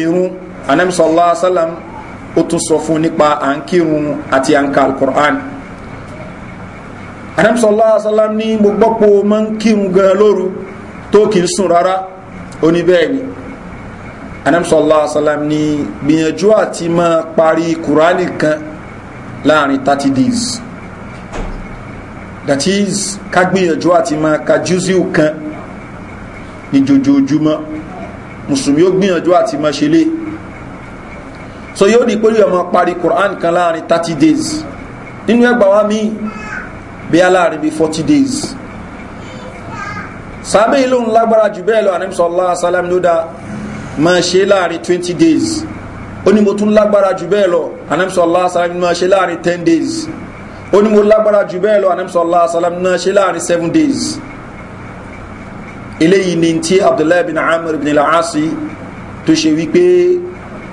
irun ànábi sallallahu alaihi wasallam ó tún sọ fún nípa à ń kírun àti à ń ka alukur'an ànábi sallallahu alaihi ní gbogbo pò máa ń kírun gan lóru tó kì í sùn rárá ó anamisọ́lá asalam ni gbìyànjú àti máa parí kùránì kan láàrin 30 days that is ká gbìyànjú àti máa ka jùzíù kan ní jojoojúmọ́ mùsùlùmí ó gbìyànjú àti máa ṣe lé so yóò di pé yóò máa parí kùránì kan láàrin 30 days nínú ẹgbàá wa míì bí a láàrin bí 40 days sábẹ́ ilé òun lágbára jù bẹ́ẹ̀ lọ ànímsọ́lá asalam ló dáa máa ṣe láàrin twenty days ó ní mo tún lágbára jù bẹ́ẹ̀ lọ anamsọ aláàsálàm ní máa ṣe láàrin ten days ó ní mo lágbára jù bẹ́ẹ̀ lọ anamsọ aláàsálàm ní máa ṣe láàrin seven days eléyìí ni ti abdullahi bin amr bin al-asi tó ṣe wípé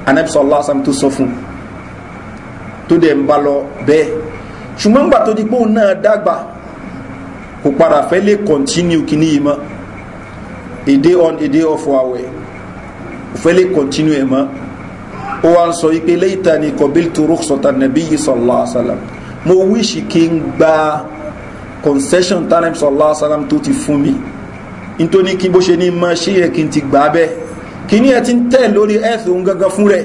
anamsọ aláàsálàm tó sọ fún tó dẹ̀ ń bá lọ bẹ́ẹ̀ ṣùgbọ́n gbà tó di pé òun náà dàgbà kò padà fẹ́ lè kọ́ntínú kìíní mọ́ a on a off wa wẹ̀ fẹ́lẹ́ kọ̀ntínú ẹ̀ mọ́ ó wá sọ wípé lẹ́yìntà ni kọ̀bíl tó rọ́ọ̀sọ̀tà nabi yìí sọ̀lá àṣàlám mo wíṣì kí n gba concession tánàbí sọ̀lá àṣàlám tó ti fún mi nítorí kí bó ṣe ní mọ ṣé yẹ kí n ti gbà bẹ́ẹ̀ kí ni ẹ ti ń tẹ̀ lórí ẹ̀sì òun gangan fún rẹ̀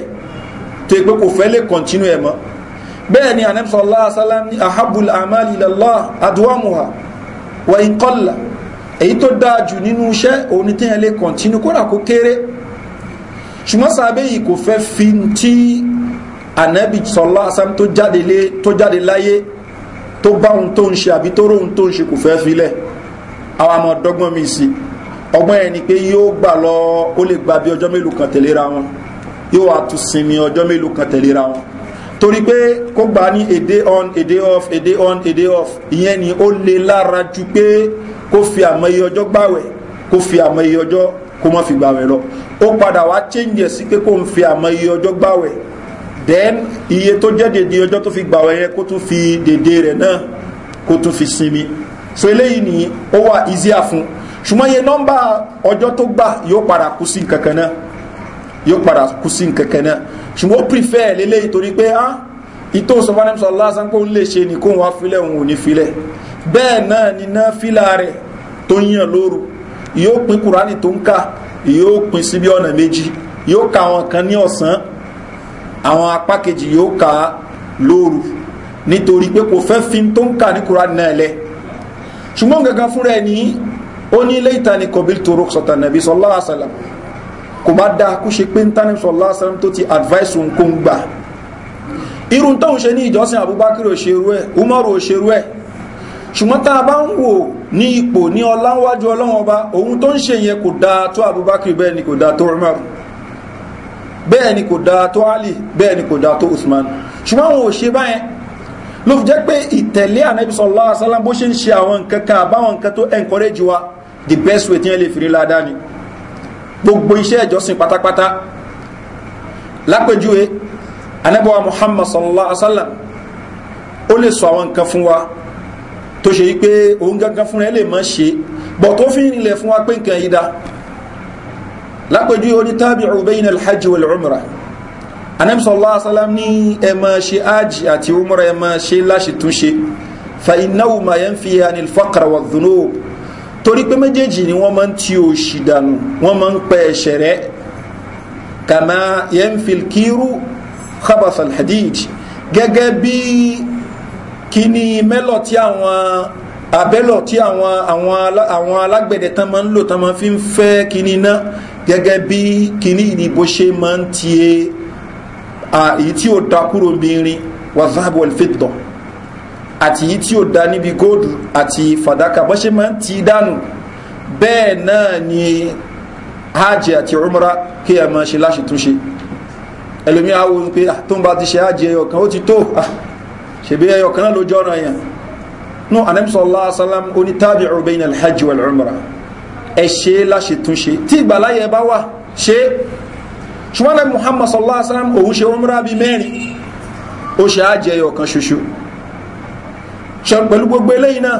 tó yẹ pé kò fẹ́lẹ́ kọ̀ntínú ẹ̀ mọ́ bẹ́ẹ̀ ni ànàbí sọ̀lá àṣàlám ní ahabul amali lọ́lá adúwàmùhà wà ń kọ́là èyí tó dáa jù nínú iṣẹ́ òun ni tẹ́yẹn lè kọ̀ntínú kódà kó kéré ṣùgbọ́n sàbẹ̀ yìí kò fẹ́ fi tí ànábì sọlá asám tó jáde láyé tó bá ohun tó ń ṣe àbí tó róhun tó ń ṣe kò fẹ́ filẹ̀ àwọn àmọ́ dọ́gbọ́n mi sí ọgbọ́n ẹ̀ ni pé yóò gbà lọ ó lè gba bí ọjọ́ mélòó kan tẹ̀léra wọn yóò wá tún sinmi ọjọ́ mélòó kan tẹ̀léra wọn torí pé kó gbà ní a day on a day off a day on a day off ìyẹn ni ó le lára ju pé kó fi àmọ́ iye ọjọ́ gbàwẹ̀ kó fi àmọ́ iye ọjọ́ kó má fi gbàwẹ̀ lọ ó padà wá change ẹ̀ sí pé kó ń fi àmọ́ iye ọjọ́ gbàwẹ̀ then iye tó jẹ́ dèdè ọjọ́ tó fi gbàwẹ̀ yẹn kó tún fi dèdè rẹ̀ náà kó tún fi sinmi so eléyìí ni ó wà easier fún ṣùgbọ́n iye nọ́mbà ọjọ́ tó gbà yóò padà kú sí nkankan náà yóò padà kú sí nkankan náà ṣùgbọ́n ó prefer lélẹ́yìí torí pé ah ìtò sọfánẹ́mùsọ lásán kó ń lè ṣe ní kó wá filẹ̀ òun ò ní filẹ̀ bẹ́ẹ̀ náà ni náà fílà rẹ̀ tó yàn lóru yóò pín kùránì tó ń kà yóò pín sí bí ọ̀nà méjì yóò ka àwọn kan ní ọ̀sán àwọn apá kejì yóò ka lóru nítorí pé kò fẹ́ fi tó ń kà ní kúránì náà lẹ ṣùgbọ́n gangan fúnra ẹni ó ní ilé ìtàn ní kọ̀bíl tó rọ́ọ̀sọ̀tà nàbí sọ́lá àṣàlám kò má dáa kó ṣe pé ń tánìm sọ́lá àṣàlám tó ti advice òun kó ń gbà irun tóun ṣe ní ìjọsìn abubakar òṣèrú ẹ umaru òṣèrú ẹ ṣùgbọ́n tá a bá ń wò ní ipò ní ọláwájú ọlọ́wọ́n ọba ohun tó ń ṣe yẹn kò dáa tó abubakar bẹ́ẹ̀ ni kò dáa tó umar bẹ́ẹ̀ ni kò dáa tó ali bẹ́ẹ̀ ni kò dáa tó usman ṣùgbọ́n àwọn ò ṣe báyẹn ló fi jẹ́ pé ìtẹ̀lé ànábi sọ̀lá asálám bó encourage wa the best way tí wọ́n lè fi rí ládàá ni gbogbo iṣẹ́ ìjọsìn muhammad sọ̀lá asálám ó lè sọ àwọn nǹkan fún wa tó ṣe wípé òun gangan fúnra ẹ lè mọ́ ṣe bọ̀ tó fi rinlẹ̀ fún wa pé nǹkan yìí dá lápẹjú onítàbí ọ̀bẹ́yìn alhaji wal umra anam sallallahu alaihi wasallam ní ẹ máa ṣe ájì àti umra ẹ máa ṣe fa ináwó ma yẹn fi hanil fakara wa dùnú torí pé méjèèjì ni wọ́n máa ń ti òṣì dànù wọ́n máa ń pẹ́ ẹ̀ṣẹ̀ rẹ̀ kàmá yẹn fi kíru khabas alhadid gẹ́gẹ́ bíi kí ni mẹ́lọ̀ tí àwọn abẹ́lọ̀ tí àwọn àwọn alágbẹ̀dẹ tán máa ń lò tán máa fi ń fẹ́ kíní náà gẹ́gẹ́ bí ni ìdìbò ṣe máa ń tiye èyí tí ó da kúrò bí irin wàzáàbù àti èyí tí ó da níbi góòdù àti fàdákà bọ́ ṣe máa ń ti dànù bẹ́ẹ̀ náà ni hajj àti umra kí ẹ máa ṣe láṣetúnṣe ẹlòmíà wo pé ah, tó ń bá ti ṣe hajj ẹyọ kan ó ti tó ah, ṣebí ẹyọ kan náà ló jọ́nà yẹn nú anamsọ́lá asálám onítàbí ọ̀bẹ̀yìn alhaji wal umra ẹ ṣe láṣẹ tún ṣe tí ìgbàláyẹ bá wà ṣe ṣùgbọ́n náà muhammad sọ́lá asálám òun ṣe umra bíi mẹ́rin ó ṣe àjẹ ẹyọ kan ṣoṣo pẹ̀lú gbogbo eléyìí náà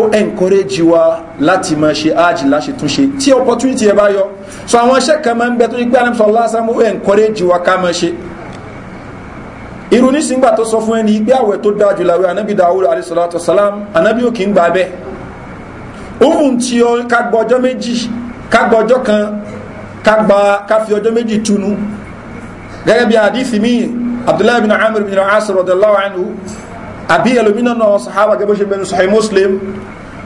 ó encourage wa láti máa ṣe àjì láṣẹ tún ṣe tí opportunity ẹ bá yọ so àwọn iṣẹ́ kan máa ń bẹ tó ṣe irun nísìngbà tó sọ fún ẹni pé àwẹ̀ tó dáa jù láwẹ̀ anábì dawud alayhisalatu salam anábì ò kì ń gbà bẹ́ẹ̀ òun tí ó ká gba ọjọ́ méjì ká ọjọ́ kan ká gba ọjọ́ méjì túnu gẹ́gẹ́ bí àdífì míì abdullahi bin amir bin al-asir radallahu anhu àbí ẹlòmínà náà sahaba gẹ́gẹ́ bó ṣe bẹnu sahih muslim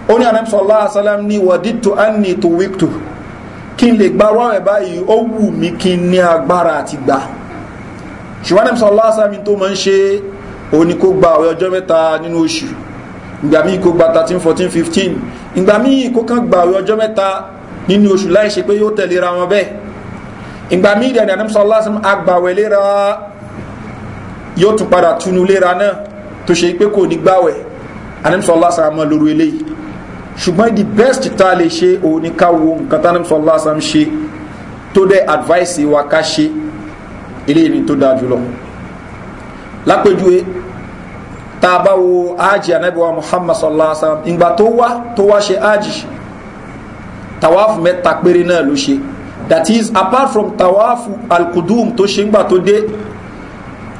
ó ní anamsọ allah salam ní waditu anni tuwiktu kí n lè gba wáwẹ̀ báyìí ó wù mí kí n ní agbára àti gbà ṣùgbọ́n nàìjíríà lásàmì tó máa ń ṣe òní kó gba ọjọ́ mẹ́ta nínú oṣù ìgbà míì kó gba thirteen fourteen fifteen ìgbà míì kó kàn gba àwẹ̀ ọjọ́ mẹ́ta nínú oṣù láì ṣe pé yóò tẹ̀léra wọn bẹ́ẹ̀ ìgbà míì dẹ̀ nàìjíríà lásàmì agbàwẹ̀ léra yóò tún padà túnú léra náà best tá a lè ṣe òun ni ká wo nǹkan advice wa ká ilé ni tó dáa jùlọ lápèjúwe tá a bá wo ájì anábíwá muhammad sallallahu alaihi wa sallam ìgbà tó wá tó wá ṣe ájì tawaafu mẹ́ta péré náà ló ṣe that is apart from tawaafu alkudum tó ṣe ńgbà tó dé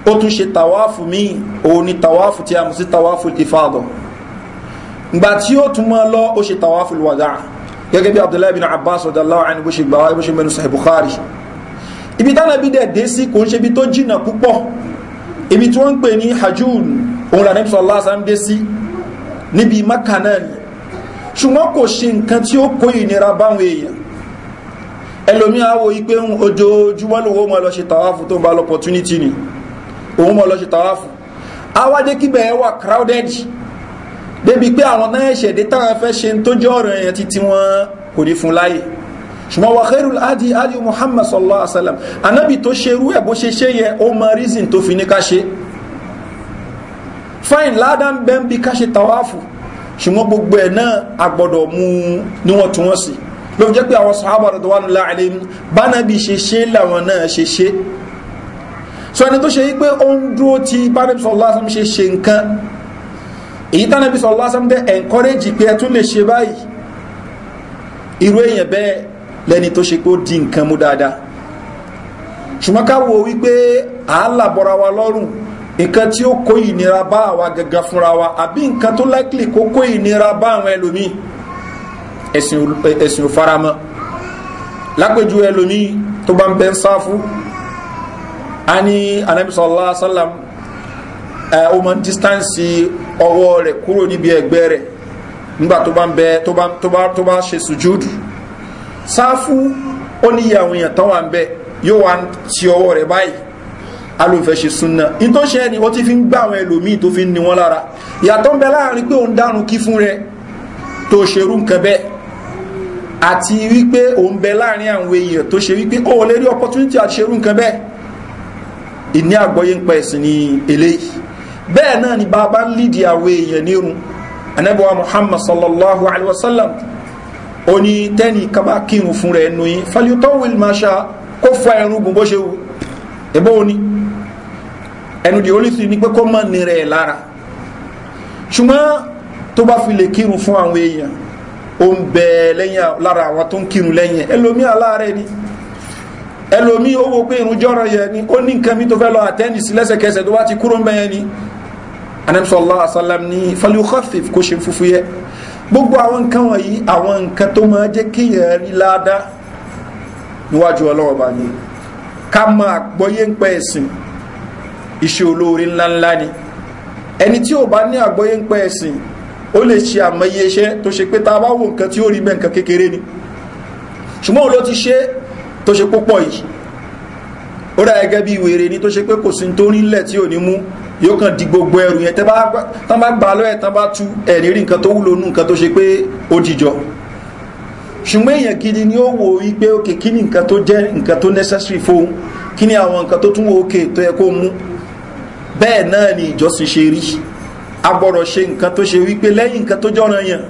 ó tún ṣe tawaafu míì òun ni tawaafu tí a mọ̀ sí tawaafu ìfàdọ̀ ìgbà tí ó tún máa lọ ó ṣe tawaafu wàdà gẹ́gẹ́ bí abdullahi bin abbas ọ̀dàláwà ẹni bó ṣe gbà wáyé bó ṣe mẹ́nu ibi tánàbí dẹ̀ dé sí kò ń ṣe ibi tó jìnà púpọ̀ ibi tí wọ́n ń pè ní hajjul òun lànà ìbísọ̀ lásán dé sí níbi maka náà ni ṣùgbọ́n kò ṣe nǹkan tí ó kó ìnira báwọn èèyàn ẹlòmí àwọ̀ ipé ojoojúmọ́ lówó mọ́ lọ ṣe tàwáfù tó bá lọ opportunity ni òun mọ́ lọ ṣe tàwáfù awádé kíbẹ̀ ẹ wà crowded débi pé àwọn náà ṣẹ̀dé táwọn fẹ́ ṣe tó jẹ́ ọ̀rọ̀ èèyàn títí wọn kò ní fún láyè ṣùgbọ́n wa khairul adi adi muhammad sallallahu alaihi wasallam anabi tó ṣe irú ẹ̀ bó ṣe ṣe yẹ ó mọ reason tó fi ní ká ṣe fine ládàá ń bẹ́ ń bi ká ṣe tawáfù ṣùgbọ́n gbogbo ẹ̀ náà a gbọ́dọ̀ mú níwọ̀ntúnwọ̀nsì ló fi jẹ́ pé àwọn sàhábà radwanullahi alaihim bánabi ṣe ṣe làwọn náà ṣe ṣe so ẹni tó ṣe yí pé ó ń dúró ti bánabi sallallahu alaihi ṣe ṣe nǹkan èyí tánàbí sallallahu alaihi wasallam encourage pé ẹ tún lè ṣe báyìí irú èèyàn bẹ́ẹ̀ lẹ́ni tó ṣe pé ó di nǹkan mú dáadáa ṣùgbọ́n ká wo wípé àálà bọ́ra wa lọ́rùn nǹkan tí ó kó ìnira bá àwa gẹ́gẹ́ fúnra wa àbí nǹkan tó likely kó kó ìnira bá àwọn ẹlòmíì ẹ̀sìn ò faramọ́ lápẹjù tó bá ń bẹ́ ń a ní Ànábì sallallahu ó ń distance ọwọ́ rẹ̀ kúrò níbi rẹ̀ nígbà tó bá ń tó bá ṣe sáfù oni ní iye àwọn èèyàn tán wà ń bẹ yóò wá ti ọwọ́ rẹ̀ báyìí alóòfẹ́ ṣe súnà in tó ṣe ẹni ti fi ń gbá àwọn ẹlòmíì fi ni wọ́n lára ìyàtọ̀ ń bẹ láàrin pé òun dárun kí fún rẹ tó ṣerú nǹkan bẹ́ẹ̀ àti wípé òun bẹ láàrin àwọn èèyàn tó ṣe wípé opportunity àti ṣerú nǹkan bẹ́ẹ̀ ìní àgbọ́yé ń pa ẹ̀sìn ní eléyìí bẹ́ẹ̀ náà ni bàbá ń lídìí àwọn èèyàn nírun anábọ̀wá muhammad sallallahu alaihi wasallam Oni ní tẹ́nì kan bá kírun fún rẹ̀ ẹnu yín faliutọ́ will masha kó fọ ẹrúgùn bó ṣe wù ẹbọ òní ẹnu di olùsìn ni pé kó mọ̀ ní rẹ̀ lára ṣùgbọ́n tó bá fi lè kírun fún àwọn èèyàn ó ń bẹ lẹ́yìn lára àwọn tó ń kírun lẹ́yìn ẹlòmí aláàrẹ̀ ni ẹlòmí ó pé irun jọ́rọ̀ yẹ ni ó ní nǹkan mi tó fẹ́ lọ àtẹ́ni sí lẹ́sẹ̀kẹsẹ̀ tó bá ti kúrò ń bẹ́yẹn ni anamsọ́lá asálàm ní faliutọ́ kó ṣe fúfú yẹ gbogbo àwọn nǹkan wọ̀nyí àwọn nǹkan tó máa jẹ́ kéèyàn rí láadá níwájú ọlọ́wọ́ bá ní ká máa gbọ́yé ń pẹ́ ẹ̀sìn iṣẹ́ olóore ńláńlá ni ẹni tí ò bá ní àgbọ́yé ń pẹ́ ẹ̀sìn ó lè ṣe àmọye iṣẹ́ tó ṣe pé ta bá wo nǹkan tí ó rí bẹ́ nǹkan kékeré ni ṣùgbọ́n ló ti ṣe tó ṣe púpọ̀ yìí ó rà gẹ́gẹ́ bí wèrè ni tó ṣe pé kò sí tó rí ńlẹ̀ tí ò ní mú yóò kàn di gbogbo ẹrù yẹn tẹ́ bá gbà lọ́ẹ̀ tán bá tú ẹ̀rí rí nǹkan tó wúlò nù nǹkan tó ṣe pé ó dìjọ ṣùgbọ́n èèyàn gidi ni ó wò ó pé òkè kí ni nǹkan tó jẹ́ nǹkan tó necessary fóun kí ni àwọn nǹkan tó tún wò ókè tó yẹ kó mú bẹ́ẹ̀ náà ni ìjọsìn ṣe rí agbọ́rọ̀ ṣe nǹkan tó ṣe wípé lẹ́yìn nǹkan tó jọ́ra yàn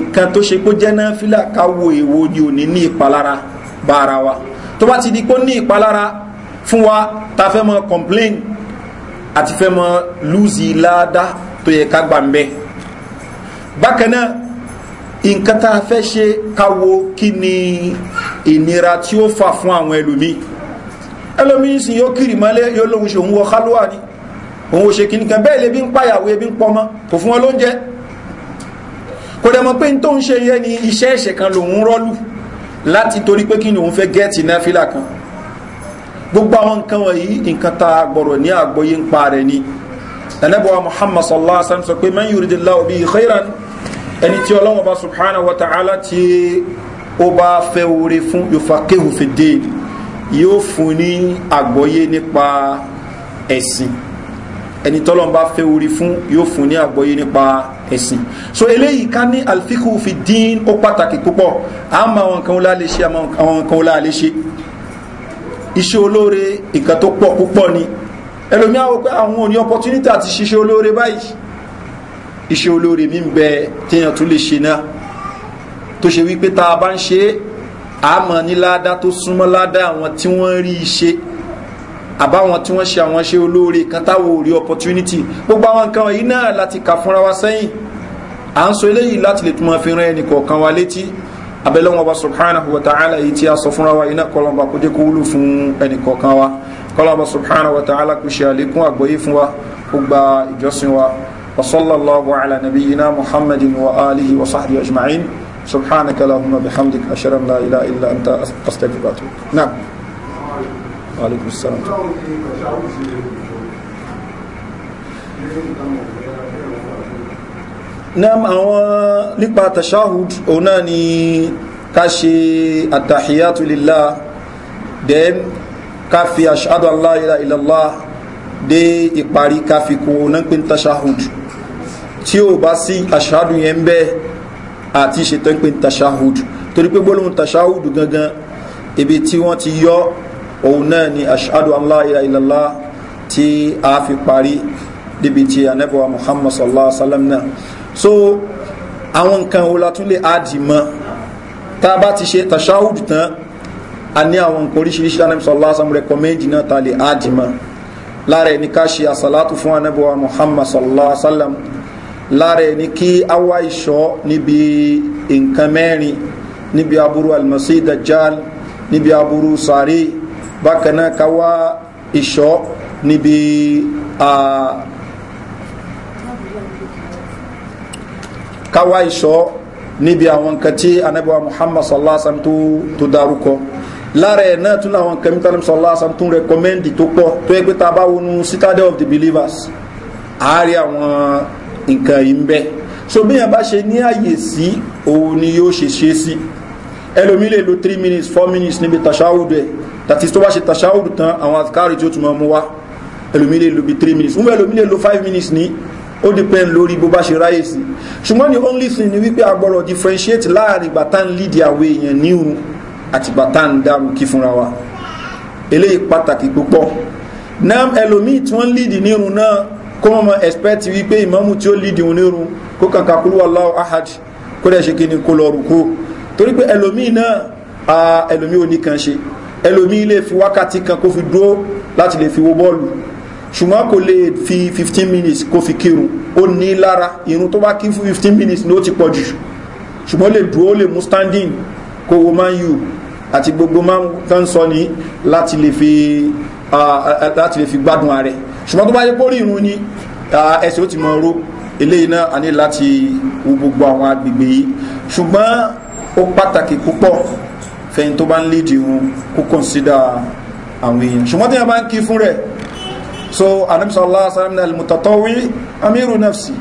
nǹkan tó ṣe pé jẹ́ náà fílà ká wo èwo ni ò ní ní ìpalára bá ara wa tó bá ti di pé ó ní ìpalára fún wa ta fẹ́ mọ complain àti fẹ́ mọ lùzì láàdá tó yẹ ká gbà ń bẹ́ bákan náà nǹkan tá a fẹ́ ṣe káwo kí ni ìnira tí ó fà fún àwọn ẹlòmíì ẹlòmíì sì yóò kiri mọ́lẹ̀ yóò lóhun ṣe òun wọ kálúwà ni òun ò ṣe kí nìkan bẹ́ẹ̀ lè bí ń pàyàwó ebi ń pọmọ kò fún wọn ló ń jẹ kò dẹ̀ mọ̀ pé n tó ń ṣe yẹ ni iṣẹ́ ẹ̀ṣẹ̀ kan lòun rọ́lù láti torí pé kí ni òun fẹ́ gẹ́ẹ̀tì náfìlà kan gbogbo àwọn nǹkan wọ̀nyí nǹkan ta gbọ̀rọ̀ ní àgbọ́yé ń pa rẹ̀ ni ẹnẹ́bọ̀wá muhammad sallallahu alaihi wasallam sọ pé man yuridillahu bihi khairan ẹni tí ọlọ́wọ́ bá subhanahu wa ta'ala tí ó bá fẹ́ oore fún yufaqihu fi din yóò fún ní àgbọ́yé nípa ẹ̀sìn ẹni tọ́lọ́n bá fẹ́ orí fún yóò fún ní àgbọ́yé nípa ẹ̀sìn so eléyìí ká ní alfiqhu fi din ó pàtàkì púpọ̀ àmọ́ àwọn nǹkan ó láà ṣe àmọ́ àwọn nǹkan ó láà ṣe iṣẹ́ olóore nǹkan tó pọ̀ púpọ̀ ni ẹlòmí àwọn pé àwọn òní opportunity àti ṣiṣẹ́ olóore báyìí iṣẹ́ olóore mi ń bẹ téèyàn tún lè ṣe náà tó ṣe wípé tá a bá ń ṣe àmọ́ ní ládá tó súnmọ́ ládá àwọn tí wọ́n rí iṣẹ́ àbáwọn tí wọ́n ṣe àwọn iṣẹ́ olóore kan táwọn ò opportunity gbogbo àwọn nǹkan yìí náà láti kà fúnra wa sẹ́yìn à ń sọ eléyìí láti lè túnmọ̀ fi ran ẹnì kọ̀ọ̀kan wa létí abẹ́lẹ́wọ̀n ọba subhanahu wa ta'ala yìí tí a sọ fúnra wa iná kọlọmba kó jẹ́ kó wúlò fún ẹnìkọ̀ọ̀kan wa kọlọmba subhanahu wa ta'ala kò ṣe àlékún àgbọ́yé fún wa kó gba ìjọsìn wa wa sallallahu ala nabiyyina muhammadin wa alihi wa sahbihi ajma'in subhanaka allahumma bihamdik ashhadu an la ilaha illa anta astaghfiruka wa wa alaykum assalam nam àwọn nípa tashahud òun náà ni ká ṣe àtàhíyàtú lílá then ká fi ashadu allah ilaha illallah dé ìparí ká fi kún òun náà pé tashahud tí ó bá sí ashadu yẹn bẹ́ẹ̀ àti ṣetán pé tashahud torí pé gbólóhùn tashahud gangan ibi tí wọ́n ti yọ òun náà ni ashadu allah ilaha illallah tí a fi parí níbi tí muhammad sallallahu alaihi wa náà so àwọn nǹkan wo la tún lè áàdì mọ́ tá a bá ti ṣe tàṣáwùdù tán a ní àwọn nǹkan oríṣiríṣi anabi sallallahu alaihi wasallam rẹkọmẹ́ndì náà ta lè áàdì mọ́ lára ẹni ká ṣe àsàlátù fún anabi muhammad sallallahu alaihi wasallam lára ẹni kí awa ìṣọ́ níbi nǹkan mẹ́rin níbi aburú almasi dajjal níbi aburú sari bákan náà ká wá ìṣọ́ níbi káwá ìṣọ́ níbi àwọn nǹkan tí anábíwá muhammad sallallahu alaihi wasallam tó dárúkọ lára ẹ̀ náà tún àwọn nǹkan mítàlẹ́ sallallahu alaihi wasallam tó rẹkọmẹ́ndì tó yẹ pé ta bá wọnú citadel of the believers àárí àwọn nǹkan yìí ń bẹ so bí yẹn bá ṣe ní àyè sí òun ni yóò ṣe ṣe sí ẹlòmí lè lo 3 minutes four minutes níbi tàṣáwùdù ẹ̀ tàti tó bá ṣe tàṣáwùdù tán àwọn àkárì tí ó túnmọ̀ mú wá ẹlòmí lè lo bí 3 minutes wọ́n ẹlòmí lè lo 5 minutes ní ó depend lórí bó bá ṣe ráyè sí ṣùgbọ́n the only thing ni wípé agbọ́rọ̀ differentiate láàrin ìgbà tá ń lead àwọn èèyàn níhun àti ìgbà tá ń dárú kí fúnra wa eléyìí pàtàkì púpọ̀ nam ẹlòmíì tí wọ́n lead nírun náà kó mọ̀ mọ̀ expect wípé ìmọ̀mù tí ó lead òun nírun kó kàkà kúrú aláwọ̀ ahad kó dẹ̀ ṣe kí ni kó lọ rúkú torí pé ẹlòmíì náà ẹlòmíì ò ní kan ṣe ẹlòmíì lè fi wákàtí kan kó fi dúró láti lè fi wo bọ́ọ̀lù ṣùgbọ́n kò lè fi fifteen minutes kó fi kírun ó ní lára irun tó bá kí fún fifteen minutes ni ó ti pọ̀ jù ṣùgbọ́n lè dúró lè mú standing kó wo man u àti gbogbo man kan sọ ní láti lè fi láti lè fi gbádùn ààrẹ ṣùgbọ́n tó bá yẹ kó rí irun ni ẹsẹ̀ ó ti mọ oró eléyìí náà a láti wo gbogbo àwọn agbègbè yìí ṣùgbọ́n ó pàtàkì púpọ̀ fẹ̀yìn tó bá ń lédìí wọn kó consider àwọn èèyàn ṣùgbọ́n tí wọ́n bá ń kí fún rẹ̀ so anabi sallallahu alaihi wasallam al-mutatawwi amiru nafsi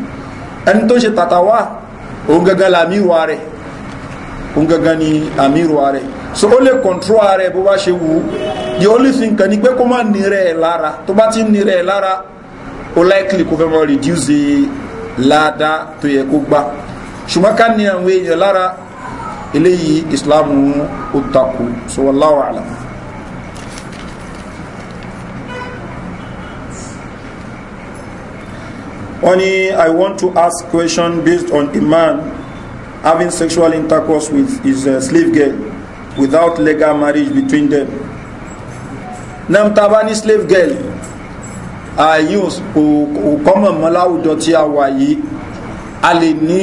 ẹni tó ṣe tatawa òun gangan la amiru ààrẹ òun gangan ni amiru ààrẹ so ó lè control ààrẹ bó bá ṣe wù the only thing kan ni pé kó má nírẹ̀ ẹ̀ lára tó bá ti nírẹ̀ ẹ̀ lára ó likely kó fẹ́ mọ́ reduce e láàdá tó yẹ kó gbà ṣùgbọ́n ká ní àwọn èèyàn lára eléyìí islam ó takò so wallahu a'lam wọ́n ní i want to ask question based on a man having sexual intercourse with his uh, slave girl without legal marriage between them nam ta bá ní slave girl ààyè òkọ́mọ̀ mọ́ láwùjọ tí a wà yìí a lè ní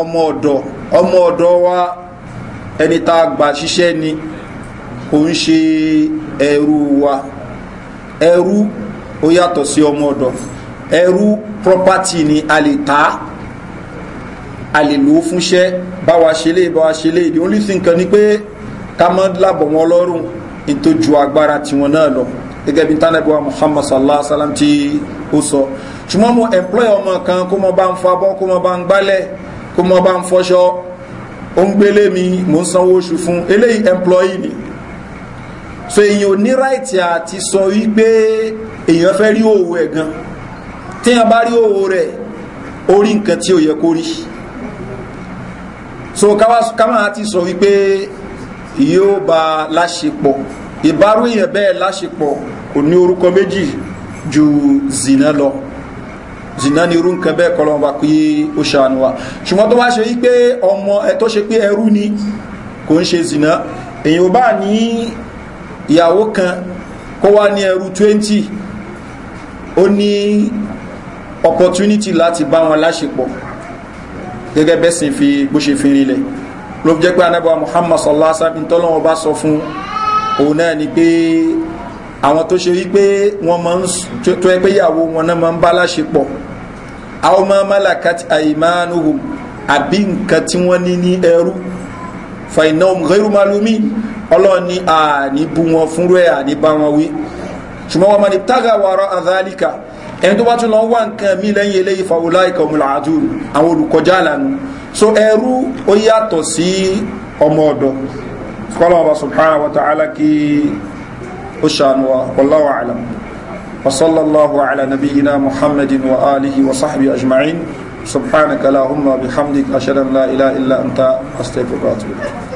ọmọ ọ̀dọ̀ ọmọ ọ̀dọ̀ wa ẹni tá a gbà ṣiṣẹ́ ni kò ń ṣe ẹrú wa ẹrú ó yàtọ̀ sí ọmọ ọ̀dọ̀ ẹrú property ni a lè ta a lè lò ó fúnṣẹ́ báwa ṣe lè báwa ṣe lè the only thing kan ni pé ká mọ́ lábọ̀ wọn lọ́rùn nítorí agbára tiwọn náà lọ gẹ́gẹ́ bí tánàbí wa muhammad sallallahu alaihi wa sallam tí ó sọ ṣùgbọ́n mo employer ọmọ kan kó mọ bá ń fabọ́ kó mọ bá ń gbálẹ̀ kó mọ bá ń fọṣọ ó ń gbélé mi mò ń sanwó oṣù fún eléyìí employee ni so èèyàn ò ní right àti sọ wípé èèyàn fẹ́ rí òwò ẹ̀ gan-an téèyàn bá rí owó rẹ̀ orí nǹkan tí ó yẹ kó rí so káwọn ti sọ wípé yóò bá láṣepọ̀ ìbárú èèyàn bẹ́ẹ̀ láṣepọ̀ kò ní orúkọ méjì ju zina lọ zina ni irú nǹkan bẹ́ẹ̀ kọlọ́n bá pé ó ṣàánú wa ṣùgbọ́n tó wá ṣe wípé ọmọ tó ṣe pé ẹrú ni kò ń ṣe zina èyàn ò bá ní ìyàwó kan kó wá ní ẹrú 20 ó ní opportunity láti bá wọn láṣepọ̀ gẹ́gẹ́ bẹ́sìn fi bó ṣe fi rinlẹ̀ ló jẹ́ pé anábọ̀ muhammad sallallahu alaihi wasallam tọ́lọ́wọ́ bá sọ fún òun náà ni pé àwọn tó ṣe wípé wọ́n máa ń tó ẹgbẹ́ ìyàwó wọn náà máa ń bá láṣepọ̀ àwọn máa malakat aymanuhum àbí nǹkan tí wọ́n ní ní ẹrú fainahum ghayru ọlọ́run ní àní bú wọn fúnrú ẹ̀ àní bá wọn wí ṣùgbọ́n wọn máa ní tágà wàrà adhalika ẹni tó bá tún lọ wá nǹkan mí lẹ́yìn eléyìí fàwọlá ìkọ̀mùlà àdúrù àwọn olùkọjá àlànà so ẹrú ó yàtọ̀ sí ọmọ ọ̀dọ̀ kọ́lọ̀ ọba subhanahu wa ta'ala kí ó ṣàánú wa wallahu a'lam wa sallallahu ala nabiyyina muhammadin wa alihi wa sahbihi ajma'in subhanaka lahumma bihamdik ashhadu an la ilaha illa anta astaghfiruka wa atubu ilayk